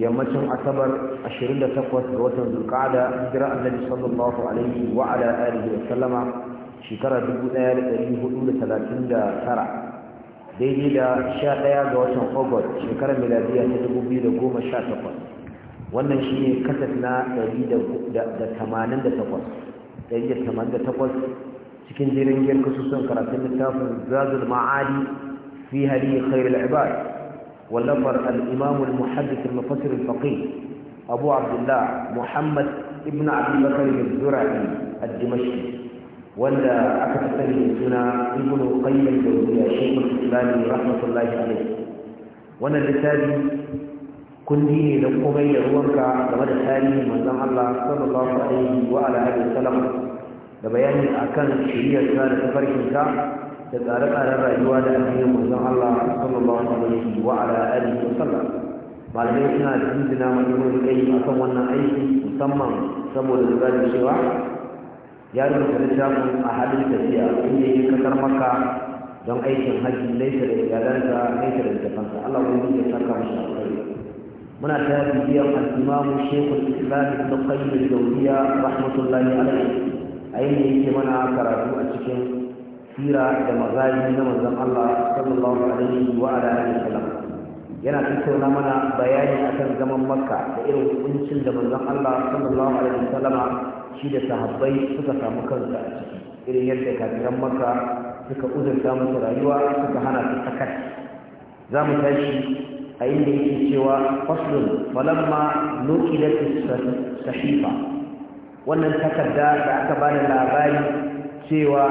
yammacin asabar 28 ga watan zulqa'ada hijira annabi sallallahu alaihi wa ala alihi wa sallama shekara 1439 daidai da 11 ga watan ogod shekarar miladiya ta 2018 wannan shine kasaf na 188 188 cikin jerin gyar kasusun karatun littafin zazul ma'adi fi hali khairul ibad والنفر الإمام المحدث المفسر الفقيه أبو عبد الله محمد ابن عبد البكر الزرعي الدمشقي ولا أكثر من ابن القيم الجوزية شيخ الإسلام رحمة الله عليه وأنا لسالي كندي لقومي روانك لما حالي من الله صلى الله عليه وعلى آله وسلم لبيان أكان شريعة سنة الزعم da tsare-tsaren rayuwa da addinin manzon Allah sallallahu alaihi wa ala alihi wa sallam malamai suna da jinjina mai wurin kai akan wannan aiki musamman saboda da zai cewa ya rubuta littafin a halin tafiya inda yake kasar maka don aikin hajji laifin da iyalansa laifin da tafansa Allah kuma ya saka mashi alkhairi muna ta bibiyar al-imam Sheikhul Islam Ibn Qayyim al-Jawziyya rahmatullahi alayhi a yanda yake mana karatu a cikin sira da mazaji na manzon Allah sallallahu alaihi wa ala alihi wasallam yana tattauna mana bayani akan zaman Makka da irin hukuncin da manzon Allah sallallahu alaihi wasallam shi da sahabbai suka samu kansa a ciki irin yadda kafiran Makka suka uzurta musu rayuwa suka hana su sakar za mu tashi a inda yake cewa faslun falamma nuqilat sahifa wannan takarda da aka bada labari cewa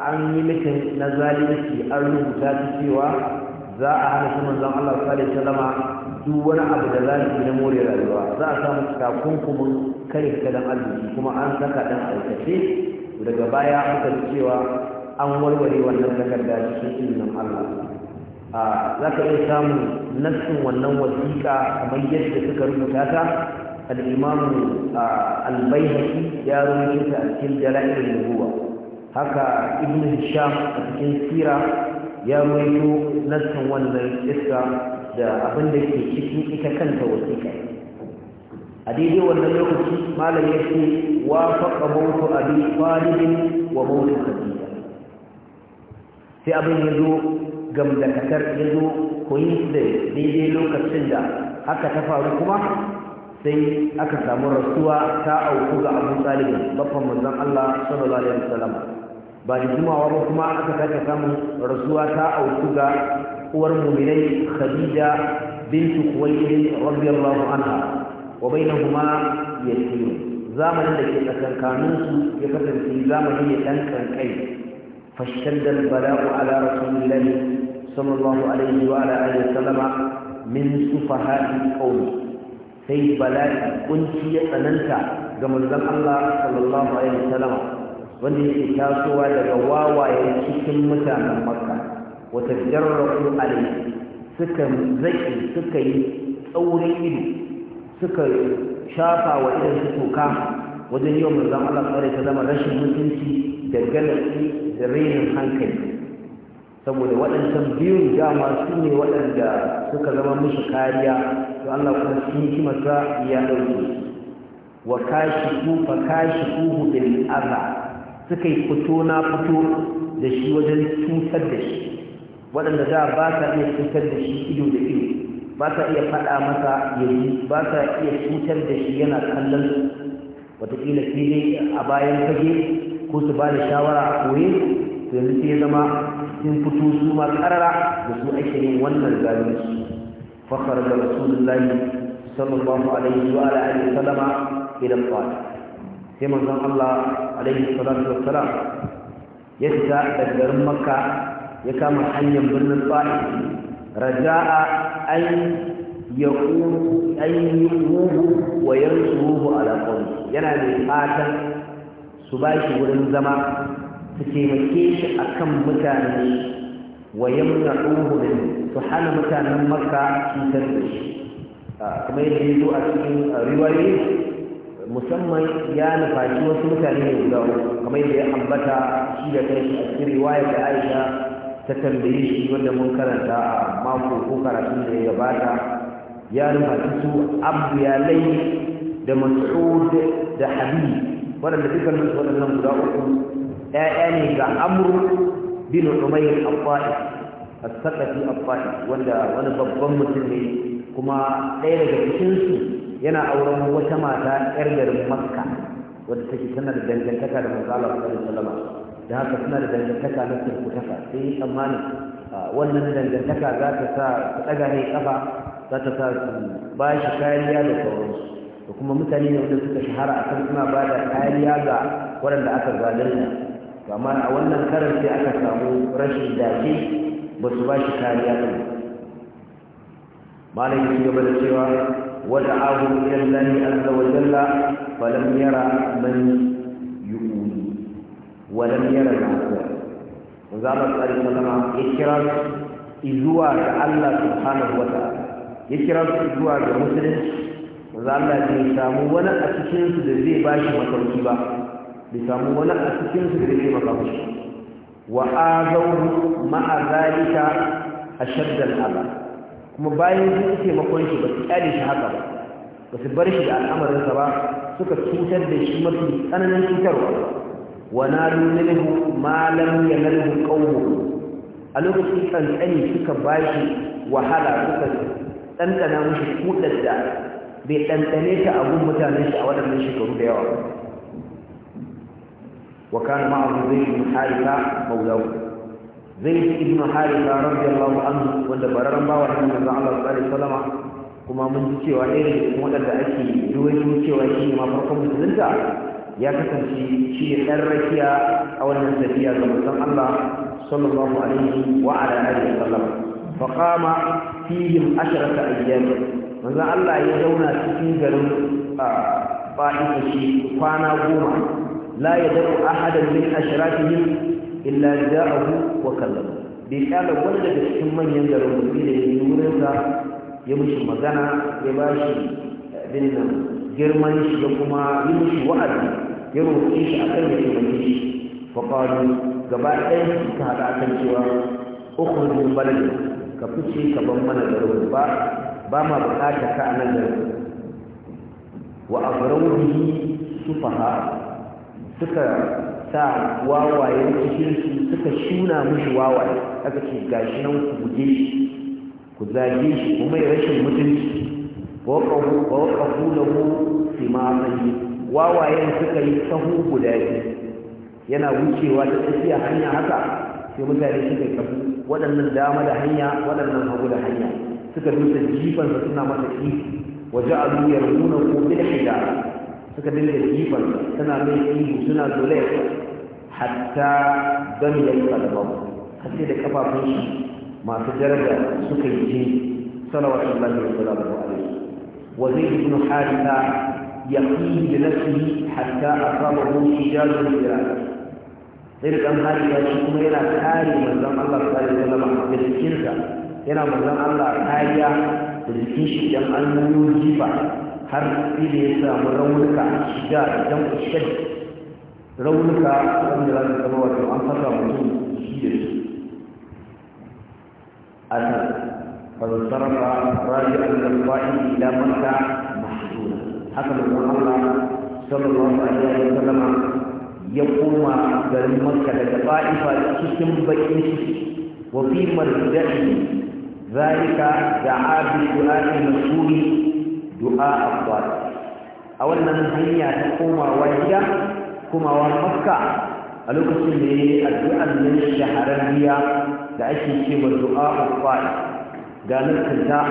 an yi mikin na zalunci an rubuta ta cewa za a hana su manzon Allah sallallahu alaihi wasallama duk wani abu da zalunci na more rayuwa za a samu takunkumin kare dan arziki kuma an saka dan aikace daga baya aka cewa an warware wannan takarda cikin izinin Allah za ka iya samu nassin wannan wasiƙa kamar yadda suka rubuta ta al'imamu bayhaqi ya rubuta cikin jala'ir nubuwa haka ibn hisham a cikin sira ya rawaito nassan wannan iska da abin da ke cikin ita kanta wasiƙa a daidai wannan lokaci malam ya ce wa faqa mawtu abi talib wa mawtu khadija sai abin ya zo Gamla-Katar ya zo koyi coincidence daidai lokacin da haka ta faru kuma sai aka samu rasuwa ta auku ga abu talibin babban manzon Allah sallallahu alaihi wasallam ba da jimawa ba kuma aka sake samun rasuwa ta auku ga uwar muminai khadija bintu kuwailin radiyallahu anha wa bainahuma yasiru zamanin da ke tsakankanin su ya kasance zamani ya dan kankai fashaddal bala'u ala rasulillah sallallahu alaihi wa ala alihi wasallama min sufaha'i qawmi sai bala'i kunci ya tsananta ga manzon Allah sallallahu alaihi wasallama wanda yake tasowa daga wawaye cikin mutanen makka wata jarrafu alai suka zaki suka yi tsaurin ido suka shafa wa idan su toka wajen yau wa zama Allah tsare ta zama rashin mutunci da galaxy da rainin hankali saboda waɗancan biyun dama su ne waɗanda suka zama musu kariya to Allah kuma cikin masa ya ɗauke wa kashi ku fa kashi ku bil suka yi fito na fito da shi wajen cutar da shi waɗanda da ba sa iya cutar da shi ido da ido ba sa iya faɗa masa yanzu ba sa iya cutar da shi yana kallon wataƙila sai dai a bayan fage ko su ba da shawara a koye to yanzu sai zama sun fito su ma karara da su ake yin wannan zalunci fakhar da rasulullahi sallallahu alaihi wa alihi wasallama ila al sai manzon Allah alaihi salatu wassalam ya fita daga garin Makka ya kama hanyar birnin Ta'if raja'a ay yaqulu ay yuhu wa yansuruhu ala qawmi yana ne fatan su bashi wurin zama su taimake shi akan mutane mutanen makka سبحان متى من مكة في تنبش كما يجب أن رواية musamman ya nufaci wasu mutane ne guda kamar da ya ambata shi da kai a cikin riwaya da Aisha ta tambaye shi wanda mun karanta a mako ko karatun da ya gabata ya nufaci su Abu Yalai da Mas'ud da Habib waɗanda dukkan su waɗannan guda uku ɗaya ne ga Amr bin Umayr al-Fa'i al-Saqafi wanda wani babban mutum ne kuma ɗaya daga cikin su yana auren wata mata yar garin makka wadda take tana da dangantaka da manzo Allah sallallahu alaihi da haka suna da dangantaka na surkutaka sai yi wannan dangantaka za ta sa ta daga ne kafa za ta sa su ba shi kariya da sauransu da kuma mutane ne wanda suka shahara a kan suna ba da kariya ga waɗanda aka zalunta to amma a wannan karin sai aka samu rashin dace ba su ba shi kariya ba malam ya ci da cewa ودعاه إلى الله عز وجل فلم يرى من يؤوي ولم يرى العفو وزعل الله سلم يكرم إزوى الله سبحانه وتعالى يكرم إزوى المسلم وزعل الله يسامو ولا أتشين سدزي باشي مطلقي با يسامو ولا أتشين سدزي مطلقي وآذوه مع ذلك أشد الأذى kuma bayan sun yi taimakon shi ba su kyale shi haka ba ba su bar shi da al'amarinsa ba suka cutar da shi mafi tsananin cutarwa wa na lullunhu malam ya lullunhu a lokacin tsantsani suka ba shi wahala suka tsantsana mushi kudar da bai tsantsane ta abun mutanen shi a waɗannan shekaru da yawa wa kana ma'azu zai yi harika maulahu zaid ibn haritha radiyallahu anhu wanda bararan bawa shi manzo Allah sallallahu alaihi kuma mun ji cewa irin daga waɗanda ake duwayo cewa shi ne ma farkon musulunta ya kasance shi ne ɗan rakiya a wannan tafiya ga manzon Allah sallallahu alaihi wa ala alihi wasallam fa qama fihim asharata ayyam Allah ya zauna cikin garin fa'ifa shi kwana goma la yadu ahadan min ashratihim illa ja'ahu wa kallamu bai kyala wani daga cikin manyan garin mutum da ya wurin wurinsa ya mishi magana ya bashi? Eh, abin nan girman shi ya kuma yi mishi wa'azi ya roƙi shi akan kan taimake shi fa qalu gaba ɗaya suka haɗa kan cewa ukhruju balad ka fice ka ban mana garin ba ba ma bukata ka a nan garin wa abrawu bihi sufaha suka sa wawayen cikinsu suka shuna mishi wawaye aka ce gashi nan ku guje shi ku zage shi kuma ya rashin mutunci wa waqafu lahu fi ma wawayen suka yi sahu guda biyu yana wucewa ta tafiya hanya haka sai mutane suka yi kafu waɗannan dama da hanya waɗannan hagu da hanya suka dusa jifansa suna masa ƙi wa ja'alu yarmuna ko bil hijara suka dinga jifan suna mai ihu suna zole hatta don ya yi kalmar kasi da kafafun shi masu daraja suka yi ji salawatun lafiya sallallahu alaihi wa zai ibn harisa yaqin bi nafsihi hatta asabahu hijabun iraq sai dan harisa shi kuma yana kare manzon Allah sallallahu alaihi wasallam da jikinsa yana manzon Allah kariya da jikin shi dan an yi jifa har sai da ya samu raunuka shiga idan ushad raunuka wanda za su zama wato an fasa mutum shi da su أثر فانصرف راجعا من الطائف إلى مكة محزونا هكذا يقول الله صلى الله عليه وسلم يقوم من مكة الطائفة تسم بيته وفي مرجعه ذلك دعا بدعاء المسؤول دعاء الصالح أولا من هيا تقوم وجه كما وقفك ألو كسل الدعاء من الشهر هي تأشي شيء والدعاء الصالح قال الكذا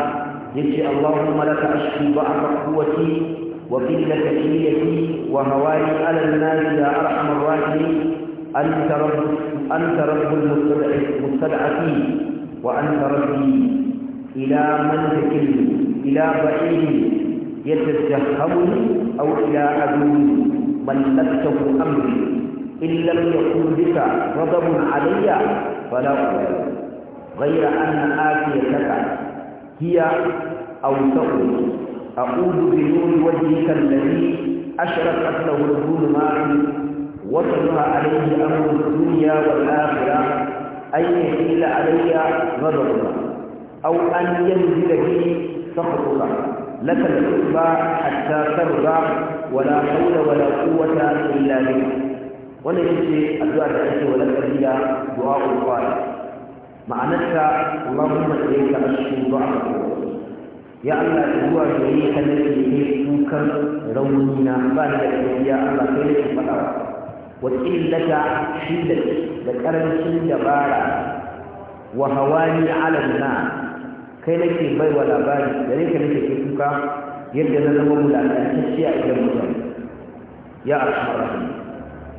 يجي اللهم لك أشكي بعض قوتي وقلة كليتي وهواي على الناس يا أرحم الراحمين أنت رب أنت رب المستضعفين وأنت ربي إلى منزل إلى بعيد يتجهمني أو إلى عدوي ملكته أمري إن لم يكن بك غضب علي فلا أغير غير أن آتيتك هي تقول أعوذ بنور وجهك الذي أشرقت له الظلمات وصلها عليه أمر الدنيا والآخرة أن يحيل علي غضبك أو أن ينزل به سخطك لك الحكم حتى ترضى ولا حول ولا قوة إلا بك ولا يجي الدعاء الحج ولك إلا دعاء القائل معنتها اللهم إليك أشكو ضعفك يا الله هو شريك الذي يهلك رونا بعد يا الله كيف فقط لك حيلك ذكرني سن جبارا وهواني على الناس kai في bai ولا labari gare ka kuka yadda na zama mulalantacce a idan mutane ya arhamar rahim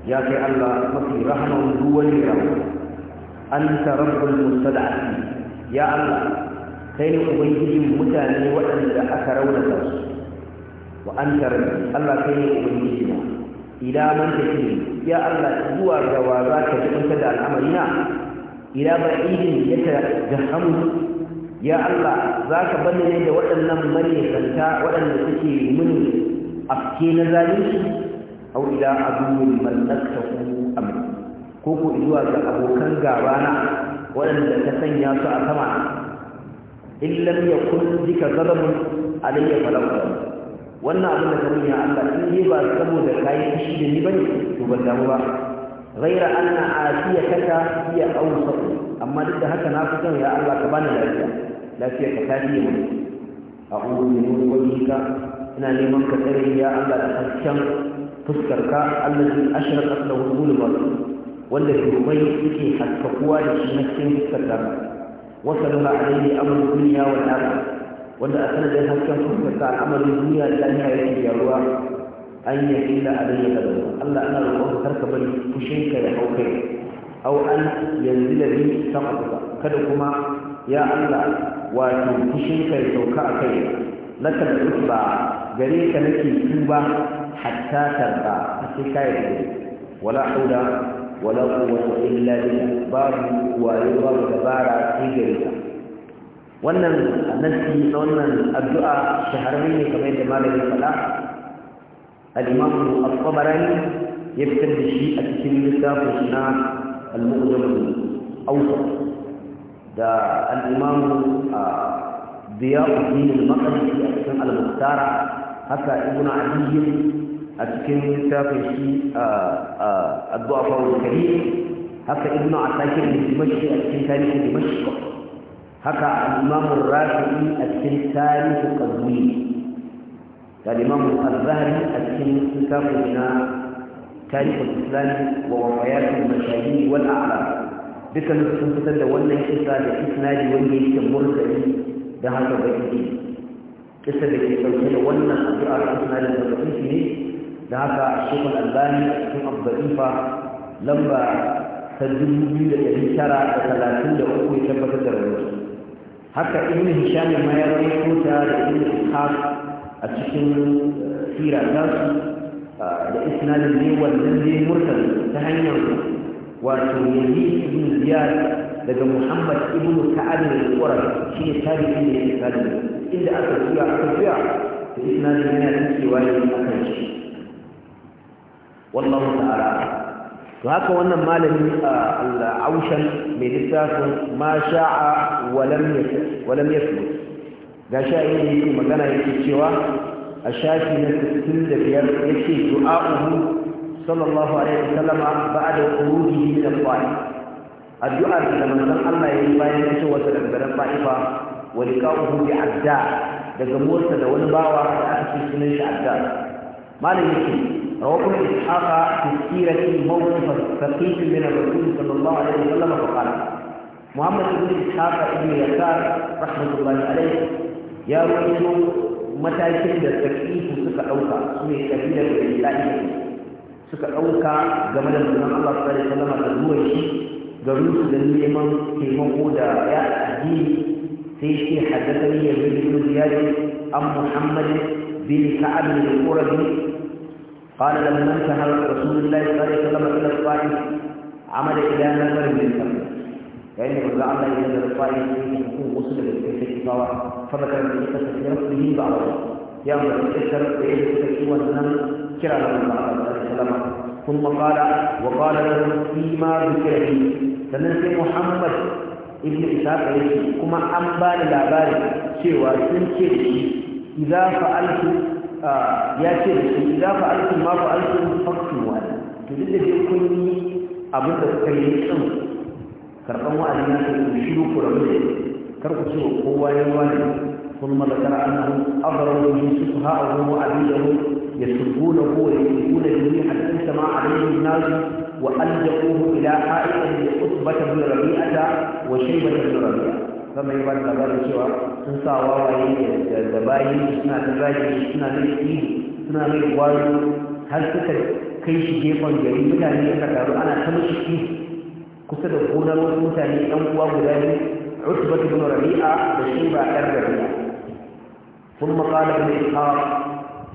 ya kai Allah mafi rahman ruwan rahama anta rabbul mustada'in ya Allah kai ne ubangijin mutane waɗanda aka raunata su wa anta rabbi Allah kai ne ubangijina ila man take ya Allah zuwa ga wa za ka ji da al'amarina ila ba ba'idin yata jahamu ya Allah za ka bani ne da waɗannan maryatanta waɗanda suke mini afke na zalunci au ila aduwwin mallaktahu amri ko ku zuwa ga abokan gaba na waɗanda ka sanya su a sama in lam yakun bika zalamun alayya falau wannan abin da ka nuna Allah in dai ba saboda kayi fushi da ni bane to ban damu ba ghaira anna asiyataka hiya awsat amma duk da haka na fi son ya Allah ka bani lafiya lafiya ka ta biya mu a ƙudu ne wani ka ina neman ka tsare ya Allah da hasken fuskarka Allah zai ashirar ƙasar wani ba wanda domin suke haskakuwa da shi na cikin fuskar da wasa nuna a daidai amurin duniya wa ɗaga wanda a sanadin hasken fuskar ka al'amarin duniya da lafiya yake gyaruwa an yi illa a daidai da Allah ana roƙon karka bari fushinka ya hau kai au an yanzu da bi sama kada kuma يا الله واتو كشنك يتوكع كي لك الأطبع جريك لك الكوبة حتى تربع أتكايك ولا حول ولا قوة إلا بالأطبع ويضرب تبارع في جريك وأن نسي أن الدعاء شهرين كما يجمع للفلاح الإمام الطبراني يبتل بشيء من أتكلم بالتاب المؤذن أوسط ده الإمام آه، ضياء الدين المقدسي اسم المختار حتى ابن علي عدي أتكن تافشي آه، آه، الضعفاء الكريم حتى ابن عساكر بن دمشق أتكن تاريخ دمشق حتى الإمام الرافعي أتكن تاريخ قزوين الإمام الظهري أتكن تافشنا تاريخ الإسلام ووفيات المشاهير والاعراف dukkanin sun fitar da wannan kisa da isnadi wanda yake murtali da haka baki kisa da ke ɗauke da wannan addu'a da isnadin da baki ne da haka shekul albani sun abdarifa lamba ta dubu biyu da ɗari tara da talatin da uku ya tabbatar da rauni haka ibn hisham ma ya rawaito ta da ibn ishaq a cikin eh, sirar nasu eh, da isnadin ne wannan ne murtali ta hanyar wato yazid ibn ziyad daga muhammad ibn ka'ab al shi ne tarihi ne ya tsada inda aka tura aka tura to isnadin yana cewa ne akan shi wallahu ta'ala to haka wannan malami al'aushan mai littafin ma sha'a walam yasmu ga sha'ayi ne magana yake cewa a shafi na 65 ce du'a'uhu sallallahu alaihi wasallama ba'da wuri da fa'i addu'a da manzon Allah yayin bayan ya ce wata daga garan fa'ifa wa liqa'uhu bi adda daga motsa da wani bawa da aka ce shi ne shi adda malam yake rawakun ishaqa fi sirati mawqifa faqih min rasul sallallahu alaihi wasallama qala muhammad ibn ishaqa ibn yasar rahmatullahi alaihi ya rawaitu matakin da takifu suka ɗauka su ne kabilar da ilahi suka ɗauka game da manzon Allah sallallahu alaihi wasallam da ruwan shi ga rusu da neman taimako da ya addini sai shi haddathani ya bin ziyad an muhammad bin ka'ab bin qurabi قال لما انتهى رسول الله صلى الله عليه وسلم الى الطائف عمل الى نفر من الفرد لأن الرجاء الله إلى الطائف يكون وصل إلى الكفر فذكر النبي صلى الله ba a yang berkisar dari kesuwan dan kira Allah Taala. ثم قال وقال له فيما ذكر dan sai Muhammad ibn Ishaq yake kuma an ba da labari cewa sun ce shi idza fa'altu ya ce shi idza fa'altu ma fa'altu faqtu wa to duk da dai kun yi abin da kuka yi din karban wa'azi na ku shiru ku rabu kar ku ce kowa ya wani ثم ذكر انه اضرب من سفهاءهم وابيهم يسبونه ويكذبون جميع حتى ما عليه الناس والجقوه الى حائط لخطبه بن ربيعه وشيبه بن ربيعه فما يبان لبان سوى تنسى والله دبايه سنا دبايه سنا ليكي سنا ليكوال هل تكر كي شيء يكون جريء مثالي انا تمشي فيه كسر الغونه مثالي انقوى غلالي عتبه بن ربيعه وشيبه ابن ربيعه ثم قال ابن إسحاق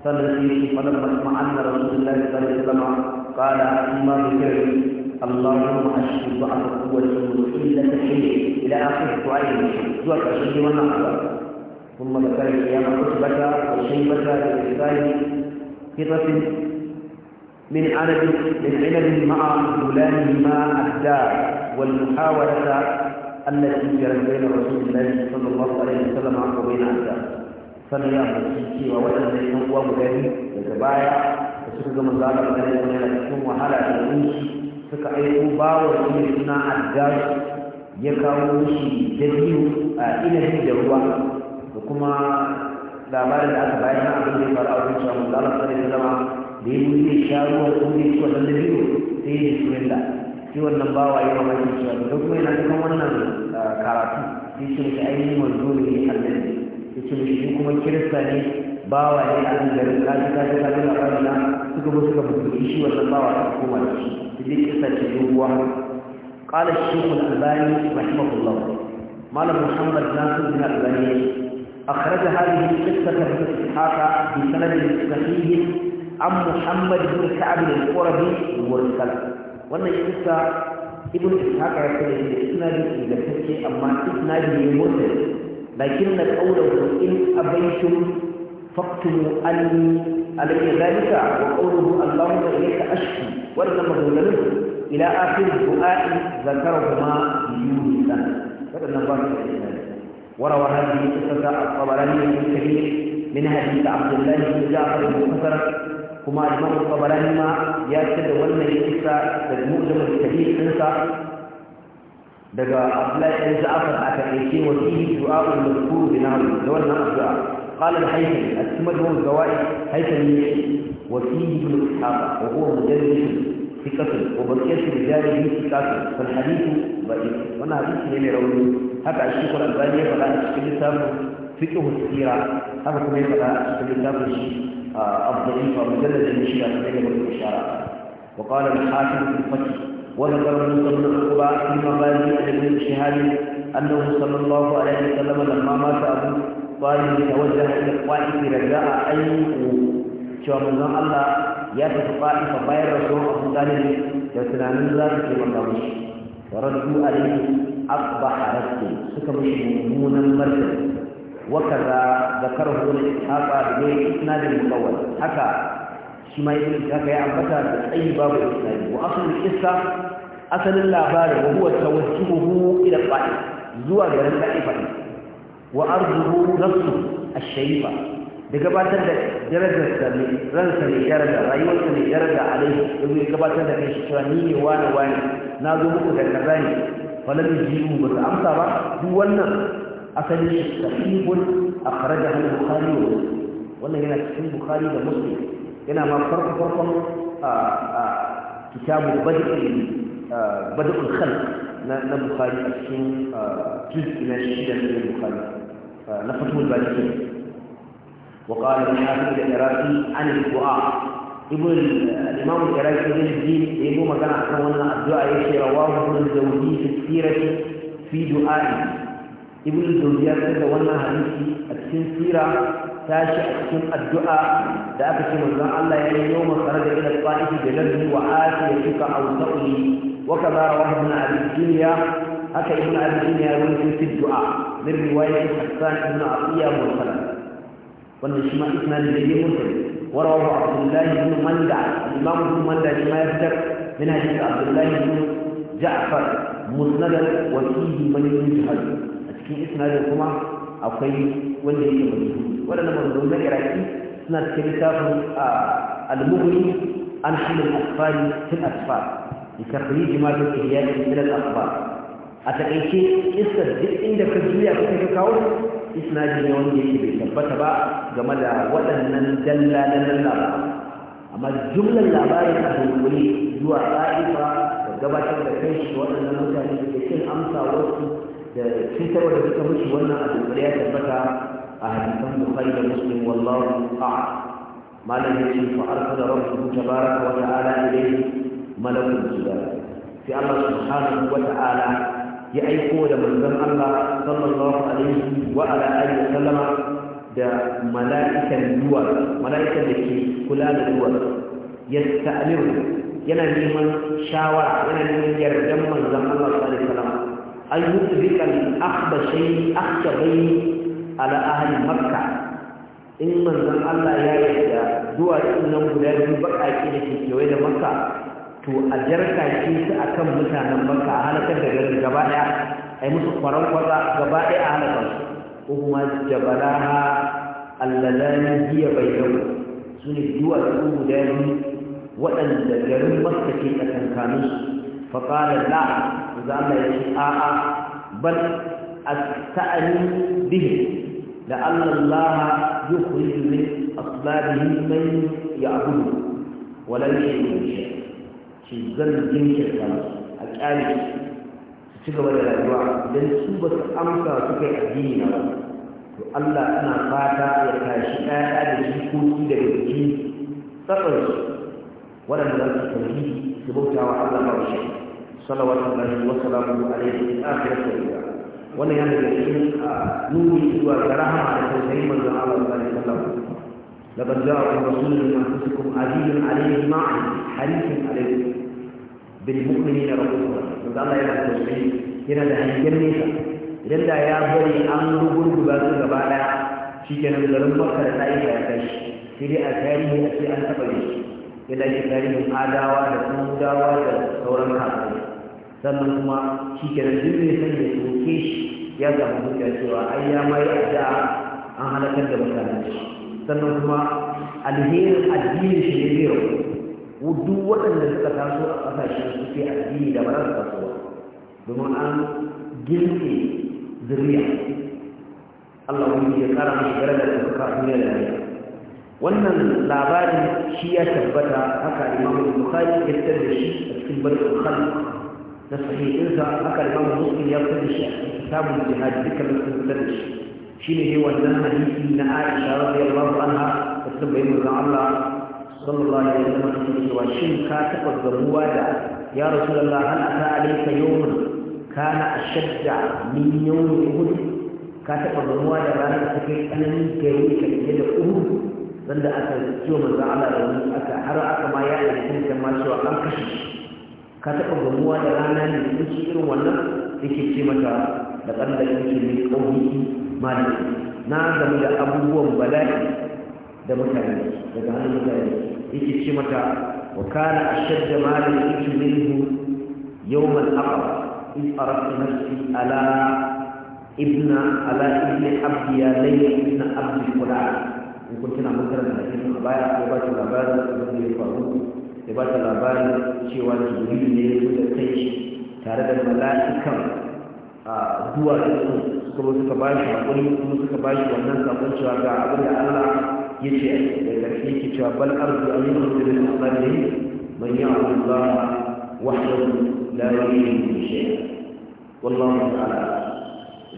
فنسيت فلما أن رسول الله صلى الله عليه وسلم قال أما بكر اللهم بعض ضعف قوتي إلا تحيي إلى آخر دعائه دعاء الشيء والنعمة ثم ذكر قيام خطبة وشيبة لإحسان قطة من عدد من علل مع ما أهدى والمحاولة التي جرت بين رسول الله صلى الله عليه وسلم وبين الدار sannan ya ambaci cewa waɗanda ya uwa guda biyu daga baya da suka gama zaɓa da ɗaya kuma yana cikin wahala da kunci suka aiko bawa shi ne suna addaru ya kawo shi da biyu a inabi da ruwa da kuma labarin da aka bayar na abin da ya faru a wajen cewa mun zaɓa da ɗaya zama da ya mutu ya sha ruwa ko ne shi wannan da biyu sai ya su yalla shi wannan bawa ya mamaki cewa da kuma yana cikin wannan ah, karatu sai shi ne ainihin wanzo ne annabi su ne shi kuma kirista ne ba wa ne a cikin garin kaji ta ta na a na suka bu suka bukuri shi wannan ba wa ta koma da shi su ne kirista ce yin ruwa kala shi kun albani rahimahullah malam muhammad na sun zina albani ne a kharaja hali ne kirista ta fi haka bi sanadin sahihin an muhammad bin ka'abin al-qurabi mursal wannan kirista ibn ishaq ya ce ne sunan da take amma sunan da ne mursal لكن هو إن أبيتم فاقتلوا أني علي ذلك وقوله الله إليك ولا ولد له إلى آخر الدعاء ذكرهما يونسا هذا النظام وروى هذه القصة الطبراني في كبير من حديث عبد الله بن جعفر بن كثر كما أجمع الطبراني ما يأتي ولنا القصة المؤلم الكبير انسى daga Abdullahi ibn Ja'far aka aike wa fihi al mazkur bi nahwi da wannan addu'a qala al-haythami at al zawaid haythami wa fihi ibn Ishaq wa huwa mujaddid fi qatl wa bakiyat rijalihi fi qatl fal hadith ba'id wa na hadith ne rawi haka shi ko al-Albani ya faɗa cikin littafin fiqh al-sira haka kuma ya faɗa cikin littafin shi al ومجلد المشيئة في الإشارات وقال الحاكم في الفتح وذكر من ضمن الخطباء في مبادئ علم الشهاده انه صلى الله عليه وسلم لما مات ابو طالب توجه الى الطائف رجاء ان يكون الله يدعو الطائف بين رسول ابو طالب يسلم الله في مقامه وردوا عليه اصبح رده سكب مؤمنا مرده وكذا ذكره الاسحاق بغير اسناد مطول حكى shi ma ibn haka ya ambata da tsayi babu islami wa asalin kissa asalin labarin wa huwa tawajjuhu ila qa'i zuwa garin qa'ifa wa arduhu nafsu ash-sharifa da gabatar da darajar da mai ransa mai da rayuwarsa mai daraja alaihi da zai gabatar da kai shi cewa ni ne wani wani na zo muku da kaza ne falam yajibu ba ta amsa ba duk wannan asali sahihun akhrajahu al-bukhari wannan yana cikin bukhari da muslim yana ma farko farkon kitabu bada'ul khalq na bukhari a cikin juz'i na shida na bukhari na fatul baki وقال الحافظ العراقي عن الدعاء ابن الامام العراقي بن الدين يقول مكان احسن وانا الدعاء يشي رواه ابن الزوجي في السيره في دعائه ابن الزوجي يقول وانا حديثي السيره تاشع الدعاء ذاك كم الدعاء الله يعني يوم خرج إلى الطائف بلده وآتي يشك أو تؤلي وكما رواه ابن أبي الدنيا أكا ابن أبي الدنيا ينزل في الدعاء من رواية حسان ابن عطية مرسلة والنشماء إثنى لديه مرسل ورواه عبد الله بن مندع الإمام بن مندع لما يفتر من حديث عبد الله بن جعفر مسندا وكيه من يجهل أكي إثنى لكم أو خير wanda yake mutu wadanda mazaunin na suna cikin littafin a al-mughni an shi da akfari fil asfar bi kafri jima'a da iyali fil asfar a takaice isa duk inda ka juya kuka ka kawo isna ji ne wanda yake bai tabbata ba game da waɗannan dallalan labarin amma jumlan labarin da hankali zuwa ta'ifa da gabatar da kai shi waɗannan mutane da cin amsa wasu في سبب ذلك مش ولا الولايات أهل الفهم خير مسلم والله أعلم ما لم يجب فأرسل ربه تبارك وتعالى إليه ملك الجلال في الله سبحانه وتعالى يا قول من ذم الله صلى الله عليه وعلى آله وسلم ده ملائكة الدول ملائكة التي كلها الدول يستأمر ينا نيمان شاور ينا نيمان يرجم من ذم الله صلى الله عليه وسلم an yutrika al-akhbashayn akhbayn ala ahli makka in manzon Allah ya yarda zuwa sunan guda biyu bakaki da ke da makka to a jarka shi su akan mutanen makka a halakar da garin gaba daya ai musu kwaran kwaza gaba daya a halakar su kuma jabalaha allalani biya bayyau su ne duwa su guda biyu waɗanda garin makka ke tsakankanin su faƙalar la'a za mu yi a'a bal asta'ani bihi da Allah yukhrij min aslabihi man ya'budu wa la yushrik shi zan jinkirta a kyale su ci gaba da rayuwa idan su ba su amsa su kai addini na ba to Allah ina fata ya tashi ɗaya da jikoki da jiki tsakar su waɗanda za su tafi su bauta wa Allah ba shi صلوات الله وسلامه عليه في اخر الدنيا وانا يعني يقين آه، نوري سوى كراها على تزعيم الله عز وجل وسلم لقد جاء الرسول من انفسكم عزيز عليه ما حريص عليه بالمؤمنين رب الله وقال الله يعني التوحيد هنا ده هيجمني لذا يا بني امر بن دباسو غبا دا شي كان لرم بكر تاي يا كاي في دي اثاري في ان تبلي لذا يتاري من اداوا ده سوداوا ده ثورن كاتب sannan kuma shi nan duk mai san ya soke shi ya samu duka cewa ai ya mai da an halakar da mutane. shi sannan kuma alherin addinin shi ne zai rabu duk waɗanda suka taso a ƙasashen ke addini da ba za su taso ba domin an girke zuriya Allah wani ya kara mai darajar da suka duniya da wannan labarin shi ya tabbata haka imamu bukhari ya da shi a cikin barkin khalq da sahihinsa haka imamu muslim ya fitar da shi a kitabul jihad duka da sun fitar da shi shine ne wannan hadisi na Aisha radiyallahu anha da sun tambayin manzon Allah sallallahu alaihi wasallam ta cewa shin ka taɓa gamuwa da ya rasulullah hal ata alayka yawmun kana ashadda min yawm uhud ka taɓa gamuwa da ranar da take tsananin gari ka ke da uhud wanda aka ciwo manzon Allah da wani aka har aka ma ya yi kan ma cewa an kashe shi ka taɓa gamuwa da rana ne da kuke irin wannan yake ce mata da ƙanda da yake ne ƙauniki malami na gamu da abubuwan bala'i da mutane daga hannun mutane yake ce mata wa kana ashadda malami yake minhu yawman aqra in arabtu nafsi ala ibn ala ibn abdi ya layya ibn abdi kula in kun tuna mun karanta hadisin a baya ko ba ki labarin da ya faru ya ba ta labarin cewa jibril ne ya zo da kai tare da mala'ikan a duwatsu kuma suka ba shi haƙuri kuma suka ba shi wannan saƙon cewa ga abin da Allah ya ce da ƙarfi ke cewa bal arzu a yin rufe da tsarar ne man yi abu ba wahalar larayi da shi wallahu ta'ala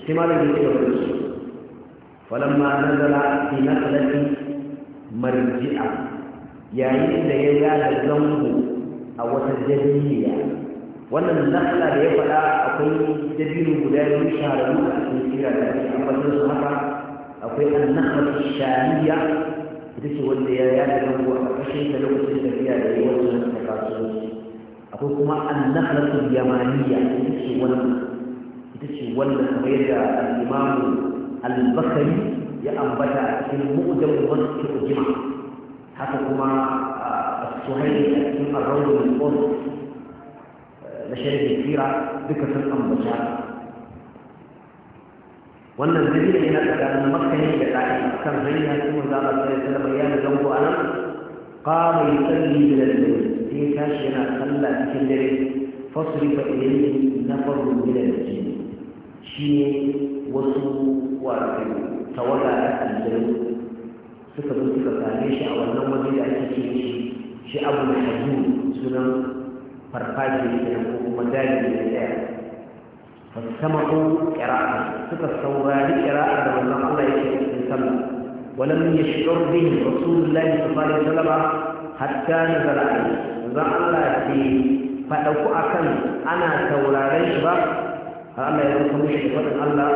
sai ma da ke ce da su falamma nazara fi nasalati marji'a yayin da ya yana zango a wata jami'a wannan nakala da ya faɗa akwai dabino guda biyu shahararru a cikin kira da ake ambatar su haka akwai annakar shariya ita ce wanda ya yana zango a ƙarƙashin ta lokacin tafiya da ya wasu ta kasuwanci akwai kuma annakar yamaniya ita ce wannan ita ce wannan kamar yadda al'imamu al-bakari ya ambata a cikin mu'ujan wasu jima'a كما آه، السهيل من الرجل القدس مشاريع آه، كثيرة بكثرة الأنبشاء وأن الذين إلى كان مكة هي كان كان زيها ثم زال صلى الله عليه وسلم أيام جنبه أنا قام يصلي من الليل في كاشنا صلى في الليل فصرف إليه نفر من الجن شيء وسوء وتولى الجن suka zo suka same shi a wannan waje da ake ce shi shi abu da hajju sunan farfaje da ko kuma daji da daya fasamahu qira'a suka saurari qira'a da wannan Allah yake cikin sallah walam yashur bihi rasulullahi sallallahu alaihi wasallam hatta nazara alaihi zan Allah ce fada ku akan ana sauraren shi ba har Allah ya kuma shi da faɗin Allah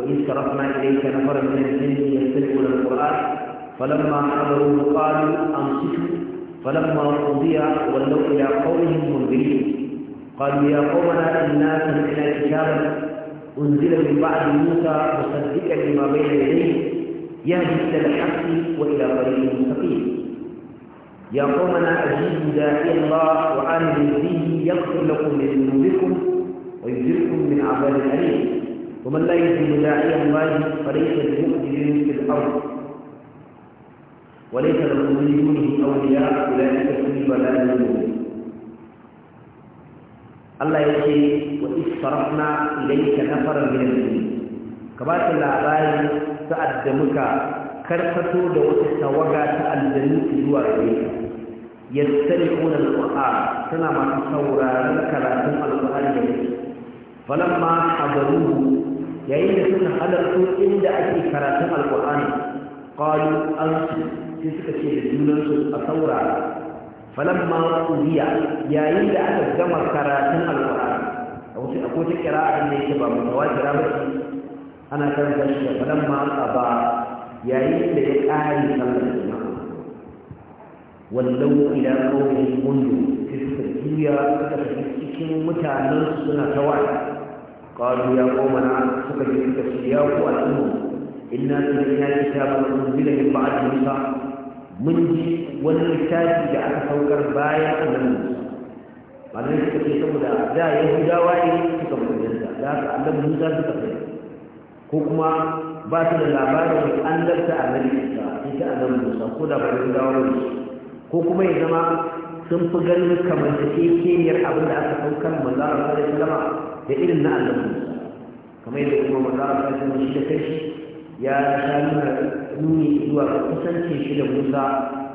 wa in sarafna ilayka nafaran min al-jinni yastami'una al-qur'an فلما حضروا قالوا أنصتوا فلما قضي ولوا إلى قومهم منذرين قالوا يا قومنا إنا سمعنا كتابا أنزل من بعد موسى مصدقا لما بين يديه يهدي إلى الحق وإلى طريق مستقيم يا قومنا أجيبوا داعي الله وآمنوا به يغفر لكم من ذنوبكم ويجركم من عذاب أليم ومن لا يجيب داعي الله فليس بمؤمن في الأرض وليس له من دونه أولياء أولئك في ضلال مبين Allah ya ce wa isfarafna ilayka nafaran min al-jinn ka ba ta labari sa'ad da muka karkato da wata tawaga ta aljannu zuwa gare ka yastami'una al-qur'an suna masu sauraron karatun al-qur'ani da yake falamma hadaruhu yayin da suka halarto inda ake karatun al-qur'ani قالوا أنت تسكت لجنون أثورا فلما أضيع يا يند أن الجمر كراتن القرآن أو تقول كراء أن يتبع متواجرة أنا تنزل فلما قضى يا إلا يقاري الزمر الجماعة ولو إلى قوم منذ تسكتية تسكتين متعنص سنة قالوا يا قومنا سكتين تسكتية وأنهم inna sami'na kitaban unzila min ba'di musa mun ji wani littafi da aka saukar bayan annabi musa wannan suka ce saboda da yahudawa ne suka mutunta da haka annabi musa suka sai ko kuma ba su da labarin da an lafta annabi musa ita a annabi musa ko da ba yahudawa ne ko kuma ya zama sun fi ganin kamar da kekeniyar abin da aka saukar manzo Allah sallallahu alaihi wasallam da irin na annabi Musa kamar yadda kuma manzo Allah sallallahu shi da kai ya nuna nuni zuwa ga kusancin shi da musa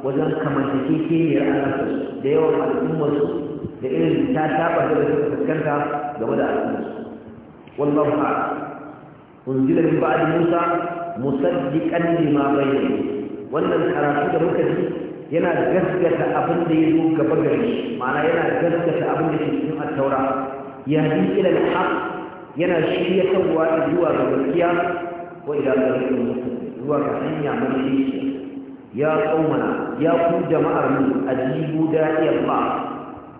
wajen kamantakekeniyar alaƙarsu da yawan al'ummarsu da irin ta taba da suka fuskanta game da al'ummarsu wallahu a'lam unzila min ba'di musa musaddiqan lima bayyana wannan karatu da muka ji yana gaskata abin da ya zo gaba gare shi ma'ana yana gaskata abin da ke cikin at-taura yahdi ila al-haq yana shirya shiryatarwa zuwa ga gaskiya wanda aka yi da zuwa ka hanya mashi ya tsomana ya ku jama'ar mu a da da'iyar ba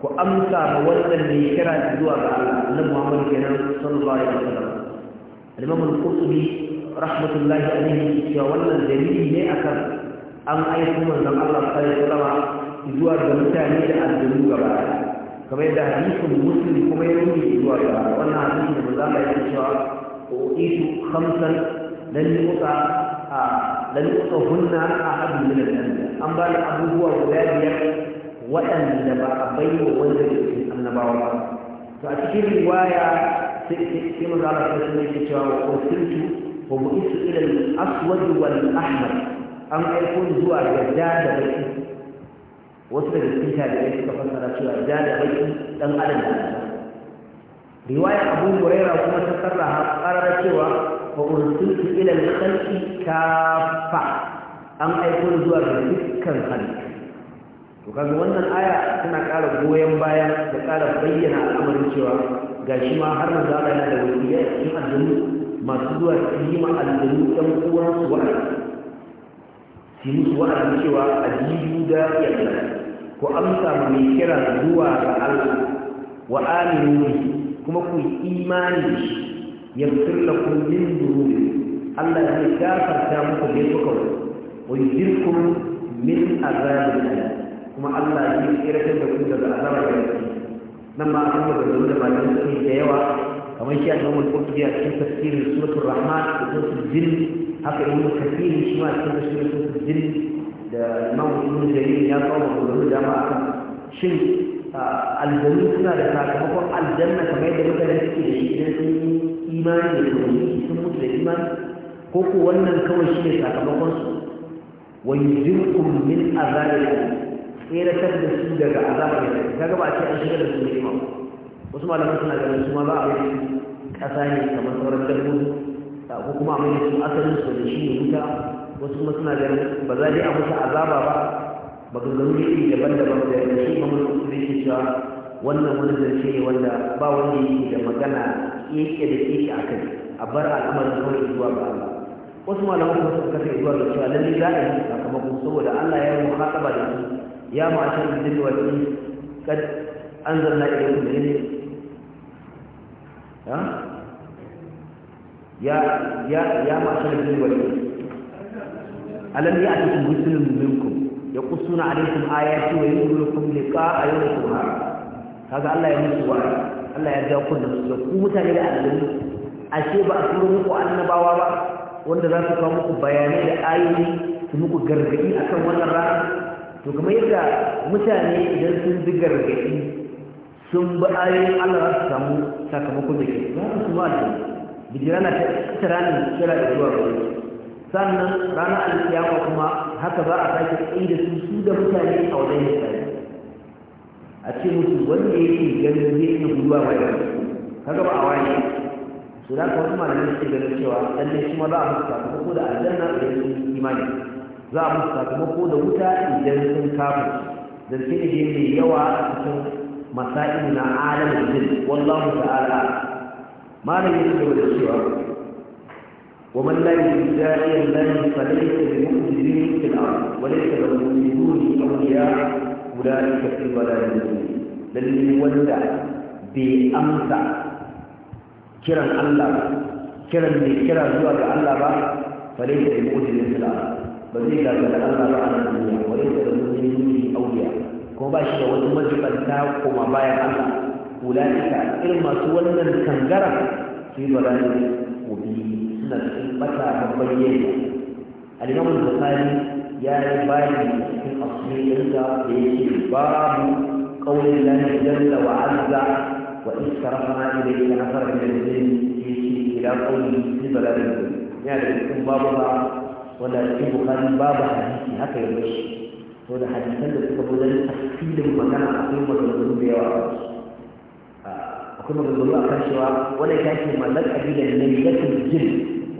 ku amsa ma wannan da ya kira da zuwa ga Allah na Muhammad kenan sallallahu alaihi wasallam Al-Imam Al-Qurtubi rahmatullahi alayhi ya wannan dalili ne akan an aiko manzon Allah sallallahu alaihi wasallam zuwa ga mutane da aljannu gaba kamar yadda hadisin muslim kuma ya nuna zuwa ga wannan hadisi da ba za yi cewa ko isu khamsan lan yuta a lan yuta hunna ahadun min al-anbiya an ba da abubuwa guda biyar waɗanda ba a bayyana wanda ke cikin annabawa ba to a cikin riwaya sai maza Allah ta sanar da cewa wa ursiltu wa isu ila al-aswad wal ahmar an aiko zuwa ga da da baki wasu daga cikin tabi'ai suka fassara cewa da da baki dan adam da riwaya Abu Hurairah kuma ta sarraha qarara cewa وأرسلت إلى الخلق كافة أم أيكون زوا بذكا خلق وكان wannan aya tana ƙara goyon baya da ƙara bayyana al'amarin cewa gashi ma har manzo Allah yana da wasiya cikin addini masu zuwa yi ma ɗan uwan su wa'azi su cewa addini da yalla ko amsa mai kira zuwa ga Allah wa aminu kuma kuyi imani shi yaghfir lakum min dhunubikum Allah ya gafar ta muku da kuka wa yujirkum min azabil jahannam kuma Allah ya kirkar da ku daga azabar jahannam nan ma an gaba da malamin da da yawa kamar shi Allah mun kuma ya cikin tafsirin suratul rahman da suratul jin haka in mun tafsirin shi ma cikin suratul jin da imamu ibn jarir ya kawo da jama'a shin aljanu suna da sakamakon aljanna kamar yadda mutane suke da shi idan sun yi imani da tauhidi sun mutu da imani ko ko wannan kawai shi ne sakamakon su wa yuzirkum min azabil tseratar da su daga azabar da kaga ba a ce an shigar da su ne ba wasu malamai suna ganin su ma za a bai kasa ne kamar sauran dabbobi ko kuma a mai su asalin su da shi ne wuta wasu kuma suna ganin ba za dai a musu azaba ba maganganu iri daban-daban da shi mamman yake cewa wannan wani zance ne wanda ba wanda yake da magana keke da keke a kai a bar al'amarin kawai zuwa ga Allah wasu malaman kuma suka kasa zuwa ga cewa lalle za a yi sakamakon saboda Allah ya yi muhaɗaba da su ya ma'ashar da duk wani kad an zanna ilaikum da ne ya ya ya ma'ashar da duk wani alam ya'tikum rusulun minkum yaqussuna alaykum ayati wa yuridukum liqa'a yawmikum hadha kaga Allah ya musu wa Allah ya jawo kun da su ku mutane da aljanna ashe ba a turo muku annabawa ba wanda za su kawo muku bayanai da ayoyi su muku gargadi akan wannan rana to kamar yadda mutane idan sun bi gargadi sun bi ayoyin Allah za su samu sakamakon da ke za su kuma aljanna bijirana ta tsara ne kira da zuwa ba. sannan ranar alkiyama kuma haka za a sake tsaye da su su da mutane a wajen tsaye a ce musu wanda yake ganin zai iya guduwa mai gani kaga ba a waye su da ka da malamai suke ganin cewa lallai kuma za a musu sakamako da aljanna idan sun imani za a musu sakamako da wuta idan sun kafa zance ne dai mai yawa a cikin masa'ilu na alamin jin wallahu ta'ala Malamin ya da cewa ومن لا يجد داعيا الله فليس بمؤمنين في الارض وليس له من اولياء اولئك في ضلال بل للي ولد بامتع كرا الله كرا كرا زواج الله فليس بمؤمنين في الارض بل قال الله على الدنيا وليس له من اولياء كما شاء وانت مجبنتا وما بايع الله اولئك ارمى سوى من كنجره في ضلال مبين suna cikin bata babban yadda alimamu zakari ya yi bayani a cikin asirinsa da ya ce babu ƙaunin lani jalla wa azza wa iskarafana ilai da asar da zai ya ce ila ƙaunin zibala da yana da cikin babu ba wanda cikin bukari babu hadisi haka ya bashi وده حديثان ده تبقى بودان تحفيل المكان عقيم والمظلوم بيوا عقيم والمظلوم أخر شواء ولا كانت ملك أبيل النبي لكن الجن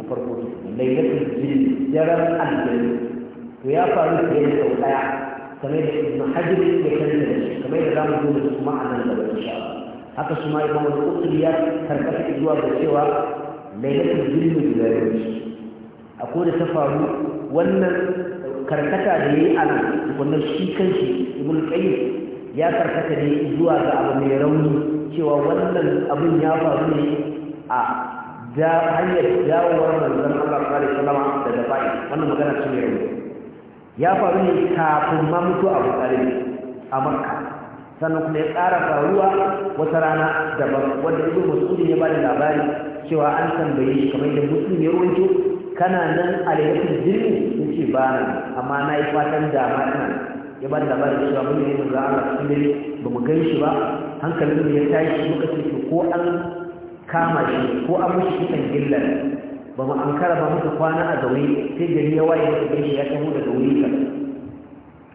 farko lailatul jinn daren aljanna to ya faru fiye da sau daya kamar da ibn hajar ya kanta da shi kamar da zamu zo da kuma a nan gaba insha haka su ma imam al-qutbi ya karkata zuwa da cewa lailatul jinn da akwai da ta faru wannan karkata da yayi a nan wannan shi kanshi ibn qayyim ya karkata ne zuwa ga abu mai rauni cewa wannan abun ya faru ne a ja hanyar dawowar manzan Allah sallallahu alaihi wasallam da fa'i wannan magana ce mai ya faru ne kafin ma mutu a bukari a Makka sannan kuma ya tsara faruwa wata rana daban wanda Ibn Mas'ud ya bada labari cewa an tambaye shi kamar da Muslim ya rawaito kana nan a lailatul jirmi yace ba nan amma na yi fatan da ma ina ya bada labari cewa mun yi manzon Allah cikin dare ba mu gan shi ba hankalin mu ya tashi muka ce ko an kama shi ko an mushi kitan gillar ba mu ankara ba muka kwana a zaune sai gari ya waye da gari ya da daga ka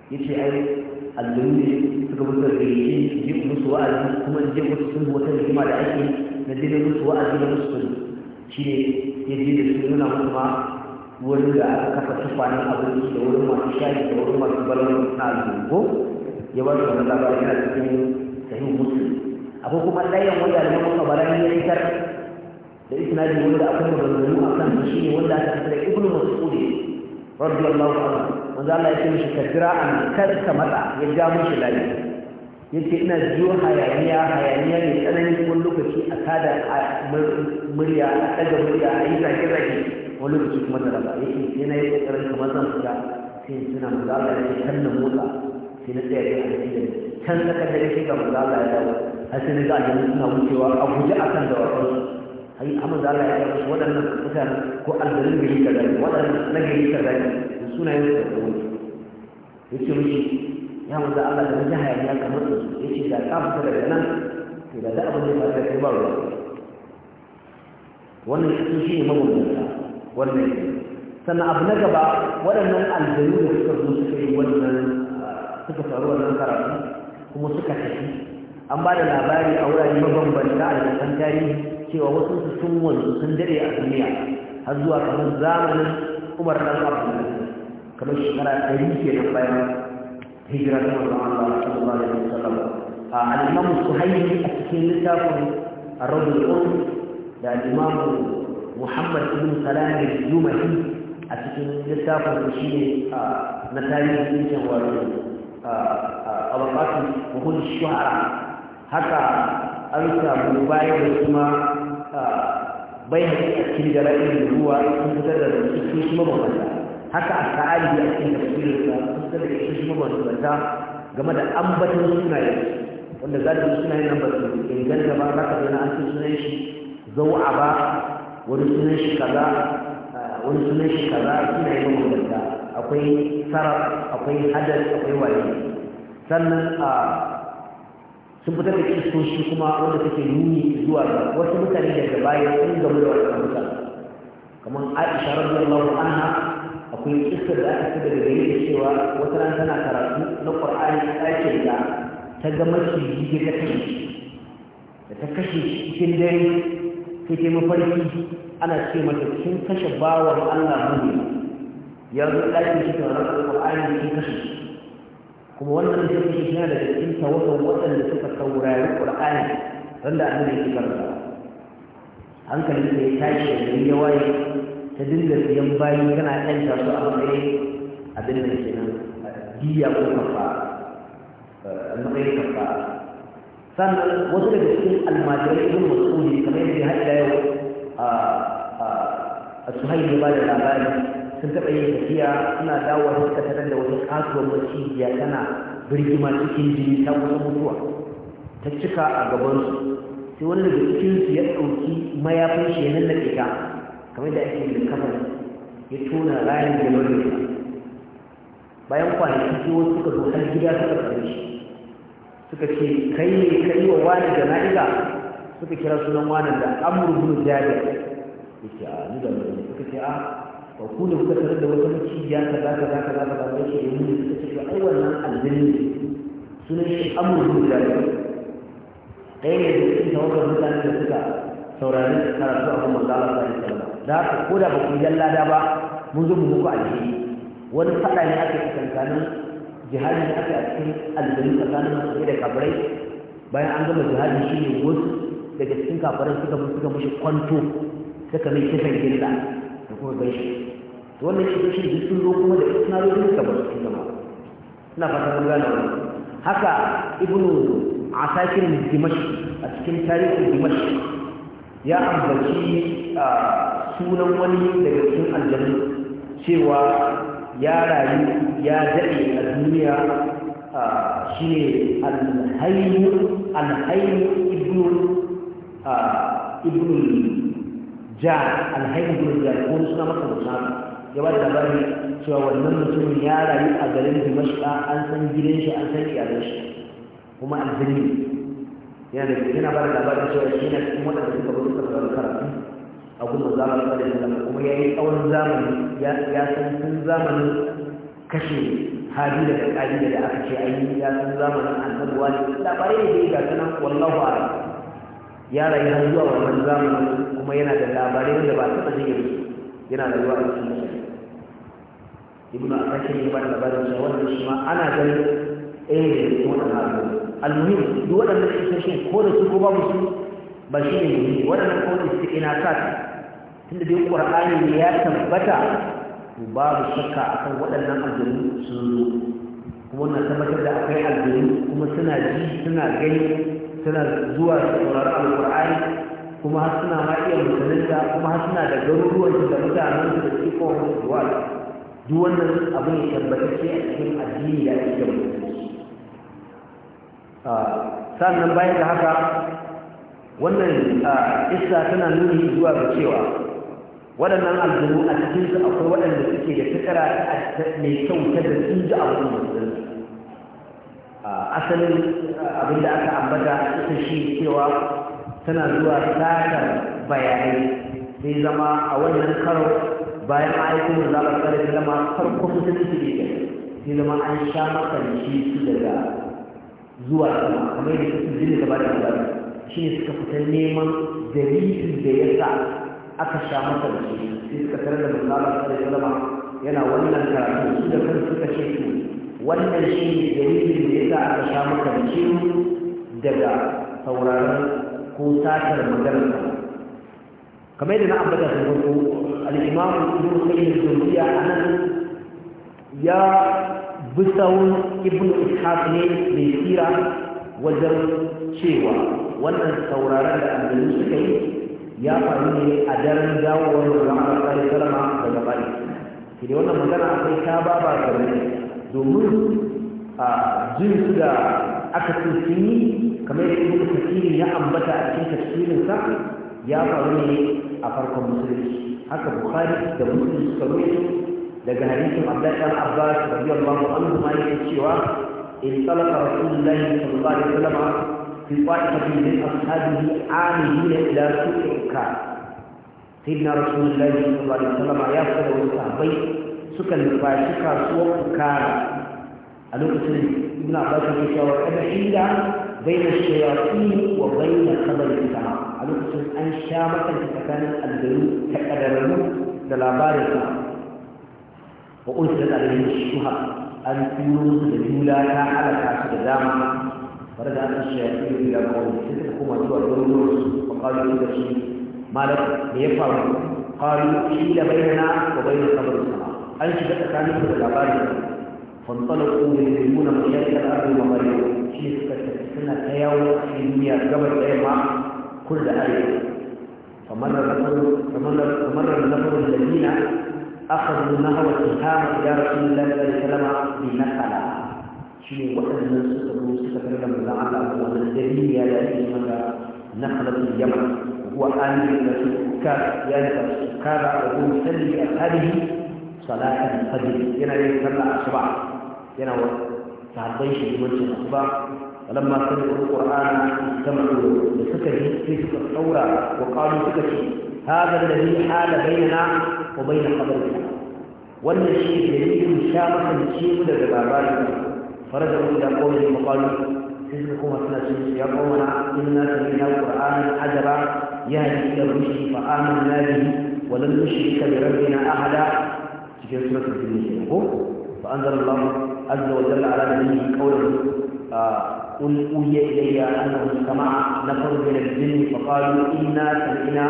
ya ce ai allumi suka mutu da gari ji musu wa'azi kuma je musu sun wata hikima da ake na dole musu wa'azi da musu sun ne ya je da su nuna musu ma wani da aka kafa tufanin abinci da wurin masu shayi da wurin masu balon na ko? ya ba su wani labarin yana cikin sahihu akwai kuma ɗayan wanda da muka barani ya fitar da isnadi wanda akwai maganganu a kan shi ne wanda aka fitar da ibnu mas'udi radiyallahu anhu wanda Allah ya ce mishi kadira an karka mata ya ja mishi lafiya. yace ina jiyo hayaniya hayaniya ne tsananin wani lokaci a kada murya a ɗaga murya a yi zage zage wani lokaci kuma da raba yake yana yi kokarin kamar zan fita sai suna mu za a yi kan na motsa sai da ya yi can saka da shi ga manzo Allah ya dawo har sai na ga annabi suna wucewa a guje akan dawakan su ai amma da Allah ya dawo su waɗannan mutanen ko aljarin gari kaza waɗannan na gari kaza da sunayen su da wani yace mishi ya manzo Allah da ji hayaniya kamar su yace da ka fita daga nan to da da abin da ba kai ba ruwa wannan shi shi ne mabudinsa wannan sannan abu na gaba waɗannan aljanu da suka zo suka yi wannan suka taru wannan karatu kuma suka tafi an ba da labari a wurare mabambanta a jikin tarihi cewa wasu su sun wanzu sun a duniya har zuwa kamar zamanin Umar dan Abdul kamar shekara ke nan bayan hijira ta Muhammad sallallahu alaihi wasallam al-Imam Suhayyi a cikin littafin a rabin da alimamu Muhammad ibn Salam da jumahi a cikin littafin shi ne na tarihin wani awakatu wa hun shuhara haka an samu bayan da kuma bai haƙi a cikin jara'in ruwa sun fitar da su su mabambanta haka a sa'adi a cikin tafsirinsa sun fitar da su su mabambanta game da ambaton sunaye wanda za ta sunayen nan ba su inganta ba za ka zana an ce sunayen shi Zau a ba wani sunayen shi kaza wani sunan shi kaza sunaye mabambanta akwai sarar akwai hadari akwai waye sannan a sun fitar da kistoshi kuma wanda suke nuni zuwa ga wasu mutane daga baya sun gamu da wasu mutane kamar aisha radiyallahu anha akwai kistar da aka fi daga gari da cewa wata ran tana karatu na qur'ani a ɗakin da ta ga maciji ta kashe da ta kashe cikin dare sai ta mafarki ana ce mata kin kashe bawan Allah mu ne ya zo ɗakin shi da ranar ƙwa'ani shi kashe kuma wannan shi ne shi daga cikin tawakan waɗanda suka saurari ƙur'ani ran da annabi yake karanta hankalin da ya tashi da gari ya waye ta dinga siyan bayi kana ɗanta su a matsayin abin da ke nan diya ko kafa a matsayin kafa sannan wasu daga cikin almajirai ibn mas'udi kamar yadda ya haɗa yau a suhaili ba da labari sun taɓa yin tafiya suna dawo dawowa suka tarar da wata kasuwar macijiya tana birgima cikin jini ta kusa mutuwa ta cika a gabansu sai wani daga su ya ɗauki mayafin shi ya na ta kamar da ake yin kafar ya tona rayan da ya da bayan kwanaki sai wasu suka zo har gida suka kare shi suka ce kai ne kai wa wani jana'iza suka kira sunan wani da amur bin jabir yake a ni da wani suka ce a ba ku da kuka tarar da wata maciya ka za ka za ka za ka za ka ce mun suka ce ai wannan aljini sunan shi amurku da ne ɗaya ne da cikin tawagar mutane da suka saurari karatu a kuma zala ta yi salama da haka ko da ba ku yi lada ba mun zo mu muku aljini wani faɗa ne aka yi tsakankanin jihadi da aka yi a cikin aljini tsakanin masu da kafirai bayan an gama jihadi shi ne wasu daga cikin kafirai suka suka mushi kwanto suka mai kisan gilla da kuma gaishe to wannan shi shi duk sun zo kuma da zo ka ba su zama ina fata mun gane wannan haka ibnu asakir dimash a cikin tarihin dimash ya ambaci sunan wani daga cikin aljanna cewa ya rayu ya daɗe a duniya shi ne alhaini alhaini ibnu ibnu ja alhaini gurin da ko suna maka musamman ya ba da labari cewa wannan mutum ya rayu a garin dimashka an san gidan shi an san iyalan shi kuma aljini yana da yana ba da labarin cewa shi na cikin wadanda suka gudu suka zaɓi karatu a kuma zamanin da ya zama kuma ya yi tsawon zamani ya san sun zamanin kashe hali da kakali da aka ce ayi ya san zamanin annabuwa ne labarai da ya ga nan wallahu a'lam ya rayu har zuwa wannan zamani kuma yana da labarai wanda ba taɓa jin yanzu yana da ruwa a cikin mutane al asakir ya bada labarin cewa wannan shi ma ana ganin ɗaya ne ko da haka al muhim duk waɗannan isoshin ko da su ko babu su ba shi ne wannan waɗannan da su ina sa tunda dai qurani ne ya tabbata to babu shakka akan waɗannan aljanu sun zo kuma na tabbatar da akwai aljanu kuma suna ji suna gani suna zuwa su saurari alƙur'ani kuma har suna ma iya musulunta kuma har suna da garuruwan da mutanensu da suke kowane zuwa duk wannan abin ya tabbatacce a cikin addini ya ke da musulunci ah, sannan bayan da haka wannan ah, isa tana nuni zuwa ga cewa waɗannan aljanu a cikinsu akwai waɗanda suke da fikira mai kyau ta da sun ji abin musulunci asalin abin da aka ambata ita shi cewa tana zuwa satar bayanai sai zama a wannan karo bayan aikin da zaɓar tsare zama farko musulunci ne ke sai zama an sha makarci su daga zuwa sama kamar yadda su jini gaba da gaba shi ne suka fita neman dalilin da ya sa aka sha makarci sai suka tarar da zama yana wannan karatu su da kan suka ce su wannan shi ne dalilin da ya sa aka sha maka da ciwo daga sauraron ko satar maganarsa kamar yadda na ambata sun farko al'imamu ibn sayyid zuriya a nan ya bi sawun ibn ishaq ne mai tsira wajen cewa wannan sauraron da annabi suka yi ya faru ne a daren dawowar da Allah sallallahu alaihi wasallam daga Bari. Sai wannan magana akwai ta baba game da domin a jin da aka ce sun kamar yadda muka tafsiri ya ambata a cikin sa ya faru ne a farkon musulunci haka bukari da muslim suka rubuta daga hadisin abdullahi dan abbas radiyallahu anhu ma yake cewa in talaka rasulullahi sallallahu alaihi wasallam fi qa'idatin min ashabihi amilina ila suqika sayyidina rasulullahi sallallahu alaihi wasallam ya fara wani sahabbai suka nufashi kasuwar fukara a lokacin ibn abbas ne cewa kada inda baina shayatin wa kabar khabarita a lokacin an sha makanta tsakanin aljanu ta kadararru da labarin sa wa unsa da aljanu shuha an turo da jula ta halaka su da dama da da an فرجع الشياطين الى قوم ستكم ادوا الدروس وقالوا لك ما لك ليفعلوا قالوا حيل بيننا وبين قبر السماء أجد أسانك للعبادة فانطلقوا من المؤمنة مليئة الأرض ومريض شيء كتبتنا تياوه في المياه قبل أي مع كل آية فمر النفر الذين أخذوا النهر التهام يا رسول الله صلى الله عليه وسلم بنقلة شيء وحد من سوء الموسيقى فرقا من الله ومن الدليل يا رسول الله نقلة اليمن هو آمن الرسول كاف يعني الرسول كاف وهو يسلم بأسهاله صلاة الفجر هنا يصلى الصباح هنا تعطيش وجه الصباح فلما سمعوا القرآن سمعوا لفكره في التوراة وقالوا فكره هذا الذي حال بيننا وبين قبرنا والنشيد الذي إن شاء الله نشيد إلى فرجعوا إلى قوم وقالوا حزبكم أثناء يا قومنا إنا سمعنا القرآن عجبا يهدي إلى الرشد فآمنا به ولن نشرك بربنا أحدا cikin suratul jinni ko fa anzalallahu azza wa jalla ala nabiyyi qawlan قل أوحي إلي أنه استمع نفر من الجن فقالوا إنا سمعنا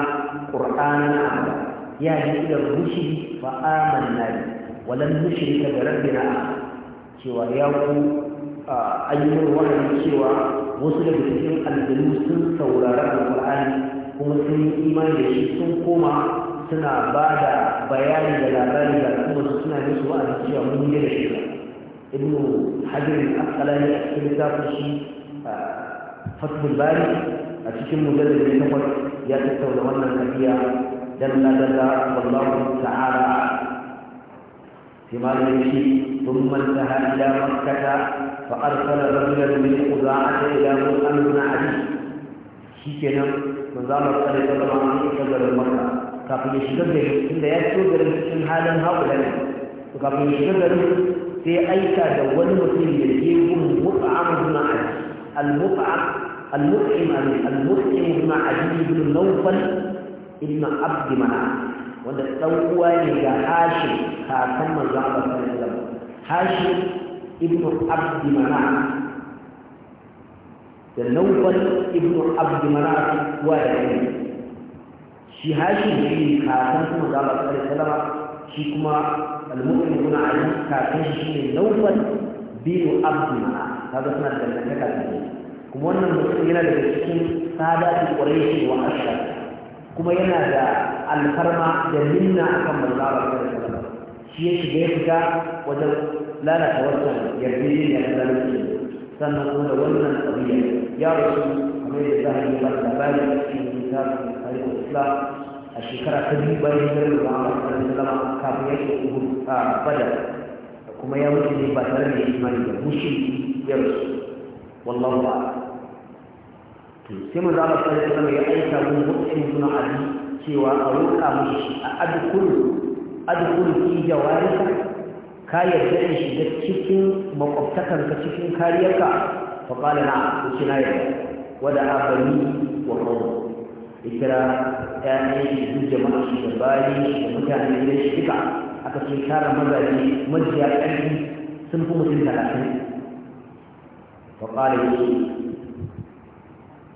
قرآنا عجبا يهدي إلى الرشد فآمنا به ولن نشرك بربنا أحدا cewa ya ku ah, ayyukan wannan cewa wasu daga cikin aljanu sun saurari Al-Qur'ani, kuma sun yi imani da shi sun koma suna ba da bayani da labari da kuma su suna musu wa'azi cewa mun yi da shi ibnu hajar al-asqalani a cikin littafin shi fatul bari a cikin mujallal ne takwas ya tattauna wannan kafiya dalla dalla wallahu ta'ala sai malamin shi ثم انتهى إلى مكة فأرسل رجلا من خزاعة إلى مؤمن بن علي شيكنا مزار القرية طبعا في شجر مكة kafin ya shiga gari tunda ya fito garin cikin halin haƙula ne to kafin ya shiga garin sai aika da wani mutum ya je gun mut'am ibn adi al-mut'am al-mut'im al-mut'im ibn adi ibn nawfal ibn abd manaf wanda dan uwa ne ga hashim kakan manzo Allah sallallahu alaihi wasallam hashim ibn abd manaf da nawfal ibn abd manaf wa ya shi hashi shi ne kakan kuma za a tsare salama shi kuma almu'min kuna yi kafin shi ne laufan biyu abdu ta kaga suna da ne kuma wannan mutum yana daga cikin sadatu quraishi wa ashar kuma yana da alfarma da minna akan manzo a sallallahu alaihi shi ya shiga ya fita wajen lalata wannan yarjejeniya da lalata sannan kuma da wannan tsabiya ya rasu kamar da za a yi shi labarin cikin littafin tarihin islam a shekara ta biyu bayan hijirar da muhammad sallallahu kafin yake uhud a badar kuma ya mutu ne ba tare da imani da mushriki ya rasu wallahu ba to sai mu zama sai kuma ya aika mun mutum suna ali cewa a roƙa mushi a adkulu adkulu fi jawarika ka yarda in shiga cikin makwabtakanka cikin kariyarka fa qala na ku na yarda ولا عقلي وقوم إذا أعني الجماعة الشبابي ومتعني إلى يقع أكثر كارا مبادي مجزي على أنه سنفو مثل وقال لي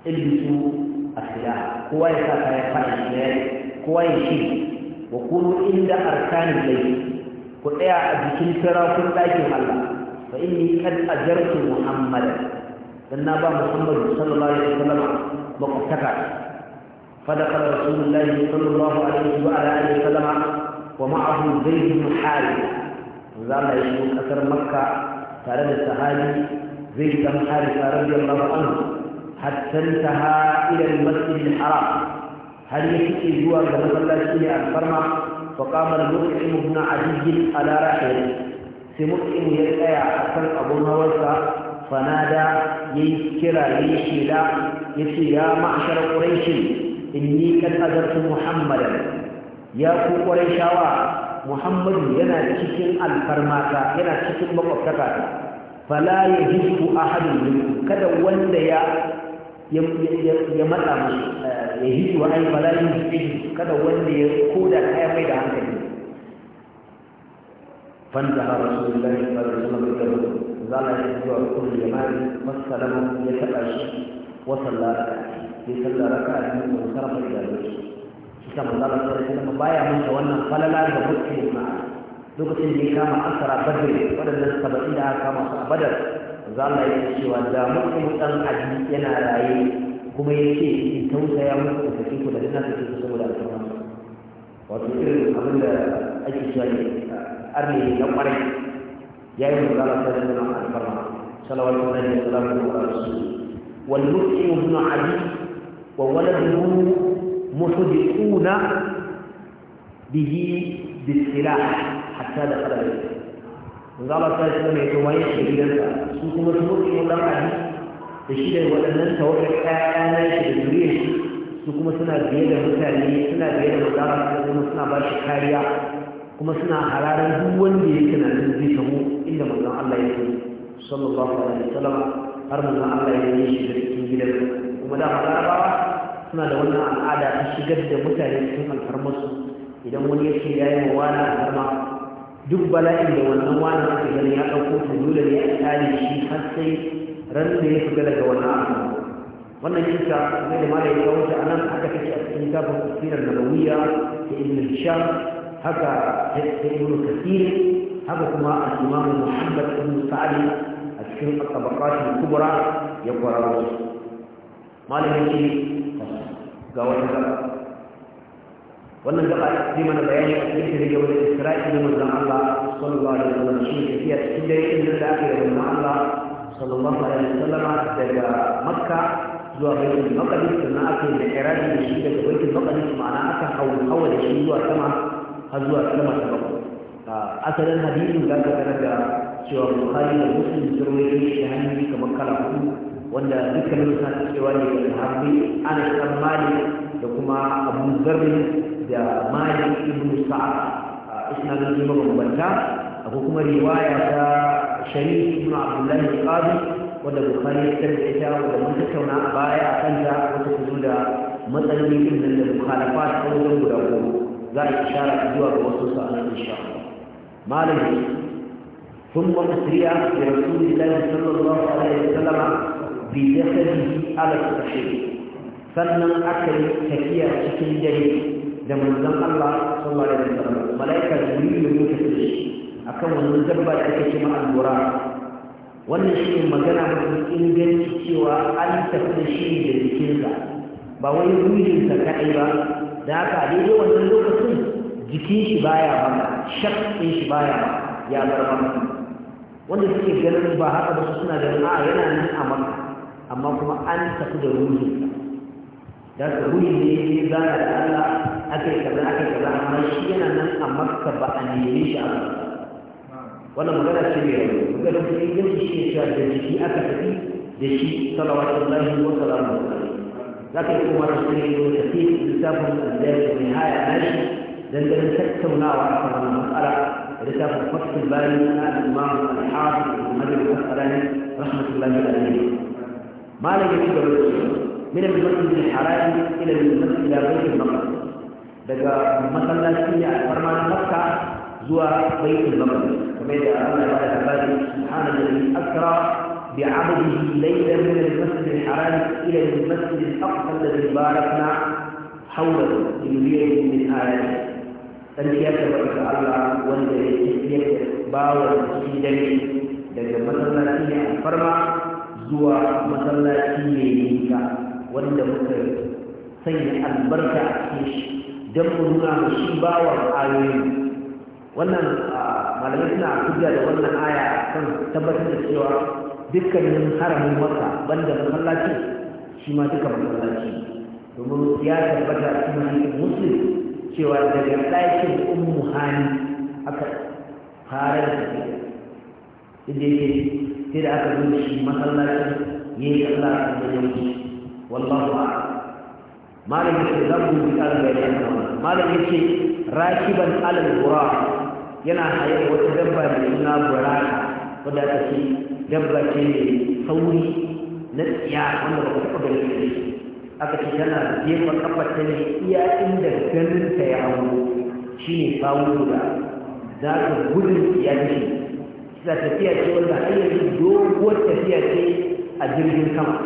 البسوا السلاح كواي ساتا يقال الشلال كواي شيء وقولوا إلا أركان الليل قل يا أبي كنت راسل لا يجب الله فإني قد أجرت محمدا النبى محمد صلى الله عليه وسلم مقتكا فدخل رسول الله صلى الله عليه وعلى اله وسلم ومعه زيد بن حارثه زال يشوف اثر مكه تare da زيد بن حارثه رضي الله عنه حتى انتهى الى المسجد الحرام هل يكفي جوا كما صلى الله عليه فقام المطعم بن عزيز على راحله سمطعم يلقى اثر ابو هوسه fanada yi kira ya yi shida ya ma'shar in ni kan azarfin muhammadan ya ku quraishawa muhammadu yana cikin alfarmata yana cikin makwabtaka fala a hadin minkum kada wanda ya ya matsa mashi ya yi wa ai fala yajibu kada wanda ya koda kaya mai da hankali fanta rasulullahi sallallahu alaihi wasallam zala ya zuwa kullu mari masalam ya taɓa shi wasan lara ya raka a cikin wani sarfa da shi a manzala shi kuma baya mun wannan falala da mutum na lokacin da ya kama asara badr waɗannan saba'in da aka kama su badar zala ya cewa da mutu dan aji yana raye kuma ya ce in tausaya mutu da kike da ta kike saboda alfarma wato irin abin da ake cewa ne arne na ƙwarai. يا أيها الذين آمنوا الكرام صلوات الله وسلامه على رسوله والمسلم بن علي وولده محدثون به بالسلاح حتى دخل الإسلام قال الله تعالى سلم يتومين شديدا سوكم المسلم بن علي تشيدا ولدنا توقف آنا شديدا su kuma suna biye da سنة suna biye da magana kuma suna ba shi kuma suna hararar duk wanda yake na nan zai samu inda manzon Allah yake sallallahu alaihi wasallam har manzon Allah ya yi shi cikin gidan kuma da haraba suna da wannan al'ada ta shigar da mutane cikin su idan wani ya ce ya yi wa wani alfarma duk bala'in da wannan wani aka ganin ya ɗauko ta dole ne a tsari shi har sai ran da ya fita daga wannan alfarma wannan kisa ne da malai ya kawo ta anan haka take a cikin kafin tafsirar da ta ibn hisham هذا يقول كثير هذا هو الإمام محمد بن سعد الشيخ الطبقات الكبرى يقرا ما له شيء قال هذا ونبقى في من البيان الذي يجب الاستراء الى مولى الله صلى الله عليه وسلم الشيخ في الشيء الى الاخير من الله صلى الله عليه وسلم في مكه زواج المقدس من اكل الاعراب الشيخ في بيت المقدس معناه اكل او اول شيء har zuwa kalma ta bakwai asalin hadisin za ka tarar da cewa bukhari da muslim sun rawaito shi hanyoyi kamar kala hudu wanda dukkanin suna cewa ne da hafi ana dan mali da kuma abu zarri da malik ibnu sa'ad isnadun mabambanta akwai kuma riwaya ta sharif ibn abdullahi qadi wanda bukari ya da ita wanda mun tattauna a baya a kanta wata kudu da matsalolin nan da mukhalafa ta wajen guda goma za a ishara zuwa ga wasu sa'anar insha malami ثم أسرع برسول الله صلى الله عليه وسلم بجسده على التحرير sannan aka yi tafiya cikin dare da manzon Allah sallallahu da wasallam malaika jibril ne ta ce akan wannan dabba da ake cewa al-bura wannan shi ne magana in inganci cewa an tafi da shi da jikinsa ba wai ruhinsa kaɗai ba da haka daidai wannan lokacin jikin shi baya ba shak ɗin shi baya ya bar maka wanda suke ganin ba haka ba su suna ganin a yana nan a maka amma kuma an tafi da ruhi da ka ruhi ne ya zana da Allah aka yi kaza aka yi kaza amma shi yana nan a maka ba a nemi shi a maka wannan magana ce mai rauni magana ce inganci shi ne cewa da jiki aka tafi da shi salawatullahi wa salamu alaihi لكن هو رجل كثير لتابع البداية والنهاية ماشي لن نسكت ونار أكثر من المسألة لتابع الفصل الباري من الإمام الحافظ المدرب الأسقلاني رحمة الله عليه ما لم يجب من المسجد الحرام إلى المسجد إلى بيت المقدس لقى masallaci ne a farman makka بيت baitul maqdis kamar da Allah ya bada labari بعمله ليلا من المسجد الحرام الى المسجد الاقصى الذي باركنا حوله لنريه من اله ان يكتب ان شاء الله والذي باور سيدني لان مثلا هي الفرما زوى مثلا هي ميكا وانت مثلا سيد البركه فيش جنب هنا مشي باور عليه وانا آه، ما لم يكن اعتقد ان ايه تم تبسط dukkanin haramin maka banda masallaci shi ma duka masallaci domin ya tabbata cikin hadisin muslim cewa daga ɗakin ummu hani aka fara da tafiya inda yake sai da aka zuwa shi masallaci ya yi Allah a cikin yanki wallahu a malam yake zamu bi kan bayani malam ce rakiban alal buraq yana haifar wata dabba da suna buraka wanda aka ce dabba ce mai sauri na tsiya wanda ba ku taɓa ganin shi aka ce tana jefa ta ne iya inda ta ya hau shi ne sawu da za ka gudun tsiya ce za tafiya ce wanda har yanzu doguwar tafiya ce a jirgin sama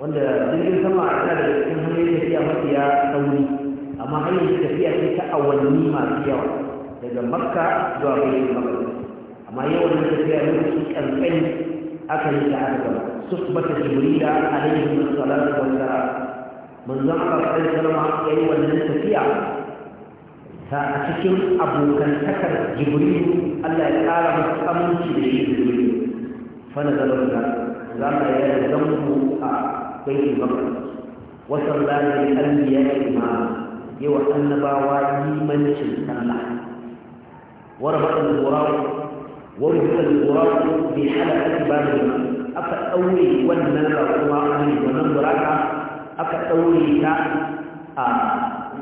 wanda jirgin sama tsada da cikin hanyar tafiya mafiya sauri amma hanyar tafiya ce ta awanni masu yawa daga makka zuwa bayan makka amma yawan da tafiya lokaci kankani aka yi ta aka suhbata jibril alaihi salatu wassalam manzon Allah sallallahu alaihi wasallam yayi wannan tafiya ta a cikin abokantakar jibril Allah ya kara masa aminci da shi jibril fa nazarin da za mu yi zango a baitul maqdis وصلى للأنبياء ما يوحى النبوة لمن شئ الله وربط الغراب ورفق القرآن بحلقة بابها أكا أولي والنار القرآن وننبرك أكا أولي تا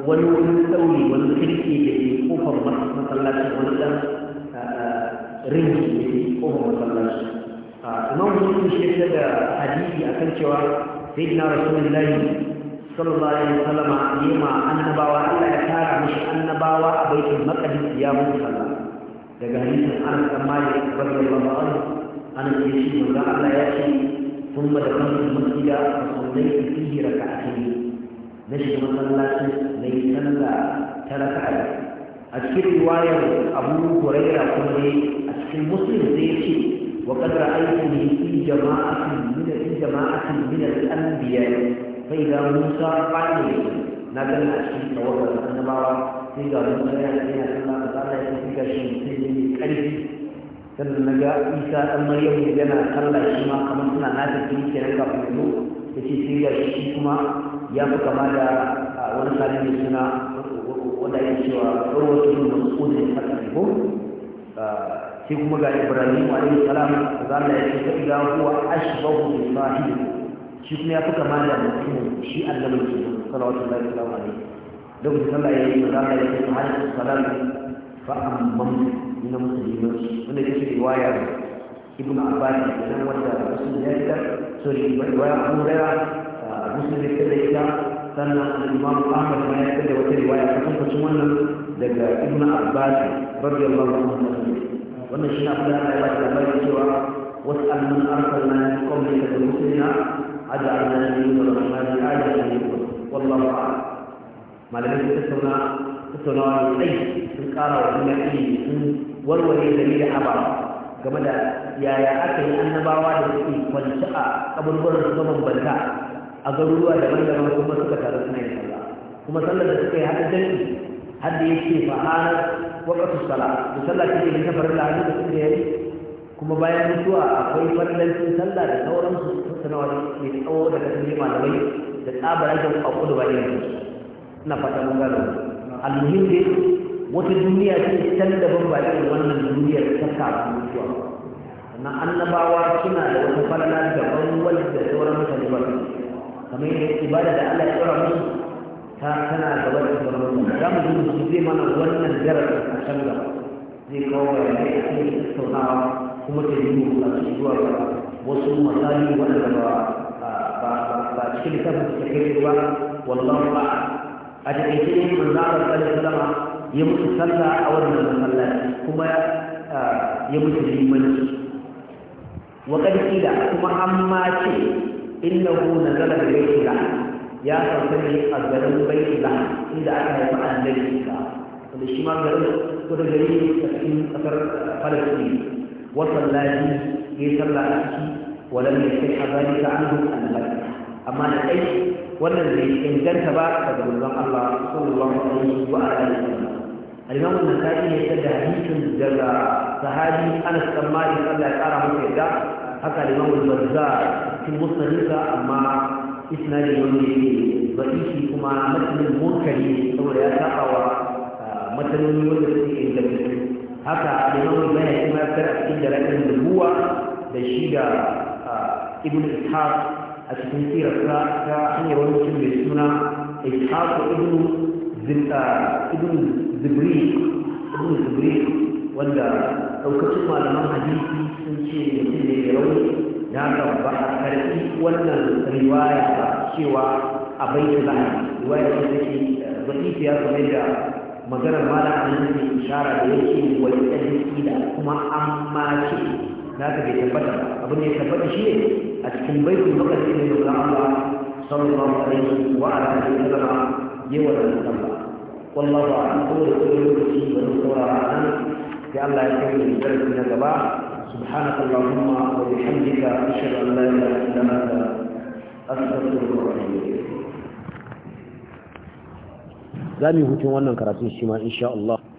ونوحن أولي ونخلقي بإيه أفر مصلاة ونسا rinji da ke kofar masallaci imam muslim shi ya da hadisi a kan cewa sai na rasulullahi sallallahu alaihi wasallam ya ma annabawa Allah ya tara mishi annabawa a baitul maqdis ya mutu sallah daga hadisin Anas bin Malik radiyallahu anhu an ce shi manzo Allah ya ce ba da kan masjida sallai fihi raka'atayn na shi masallacin na yi sallah ta raka'a a cikin riwayar Abu Hurairah kuma ne a cikin Muslim zai ya ce wa qad yi fi jama'atin min jama'atin min al-anbiya fa idza Musa qala na ga tawagar tawakkal annabawa sai da wani tsaya da yana sallah da tsara ya fi gashi mutum ne mai ƙarfi sannan na ga isa ɗan maryamu yana sallah shi ma kamar suna nata jini kenan kafin ya zo ya ce sai ga shi kuma ya fi kama da wani sabi mai suna wanda ake cewa tsarwatu ne masu ƙunin haka ko sai kuma ga ibrahim alaihi salam da Allah ya ce ta ila huwa ashbahu bi sahibi shi kuma ya fi kama da mutum shi annabi sallallahu alaihi lokacin sallah ya yi maza ya ce har salam fa amman min musulmi wanda yake riwaya ibnu abbas nan wanda musulmi ya ta sorry riwaya abu rera uh, musulmi ta da ita sannan imam ahmad ma ya da wata riwaya ta tabbacin wannan daga ibnu abbas radiyallahu anhu wannan shi na fara da ya labarin cewa wasu annan arsalna min qablika da musulmina aj'alna min rahmani alamin wallahu a'lam malamin da tattauna tattaunawa mai tsayi sun kara wa juna ilimi sun warware da da ababa game da yaya aka yi annabawa da suke kwanci a kaburburan su mabambanta a garuruwa daban-daban kuma suka taru suna yin sallah kuma sallar da suka yi hada jami'i har da yake fa'ar waƙatu sala da sallah ke da safarin da da suka yi kuma bayan mutuwa akwai farlancin sallah da sauransu da suke tsawo da yi malamai da tsabar ajiyar kudu bayan yanzu na fata mun gano almuhim dai wata duniya ce can da ban irin wannan duniyar ta kafin mutuwa na annabawa suna da wata falala daban wadda sauran mutane ba kamar yadda ibada da Allah ya tsara musu ta tana da wata sauran mutane za mu zuwa su zai mana wannan darasin a can gaba zai kawo bayanai a cikin tattaunawa kuma ta yi mu a cikin zuwa wasu masali waɗanda ba ba cikin littafin da ta kai ba wallahu ba'a a takaice ne manzo Allah sallallahu alaihi ya mutu salla a wannan masallaci kuma ya mutu limanci wa qad qila kuma amma ce innahu nazala bi baitila ya sauka ne a garin baitila inda aka haifa annabi ka wanda shi ma garin ko da gari a cikin kasar Palestine wa sallaji ya sallah a ciki ولم يصح ذلك عنه amma da لأي wannan bai inganta ba daga manzon Allah sallallahu alaihi wa alihi wasallam al-imam an-nasa'i ya tada hadisin daga sahabi Anas bin Malik Allah ya kara masa yadda haka al-imam al-Bazzar cikin musnadinsa amma isnadin wanda yake ba'ishi kuma matanin munkari saboda ya saba wa ah, matanoni wanda suke inganta haka al-imam al-Bayhaqi ma ya cikin darajar nubuwa da shi da ah, ibn Ishaq a cikin sirarsa ta hanyar wani mutum mai suna ishaku ibnu ibnu zibri zibri wanda daukacin malaman hadisi sun ce mutum ne mai rauni na kan a karfi wannan riwaya ba cewa a bayyana lahani riwaya ta take zafi eh, ya kamar da maganar malamin da ishara da yake wani ɗan da kuma an mace na ka bai tabbata abin da ya tabbata shi ne a cikin baitul maqdis ne da Allah sallallahu alaihi wa ala alihi wa sallam ya wa sallam wallahu a'lam ko da ko lokaci da saurara nan sai Allah ya kai mu darasi na gaba سبحانك اللهم وبحمدك أشهد أن لا إله إلا أنت أستغفرك وأتوب إليك za mu yi hutun wannan karatun shi ma insha Allah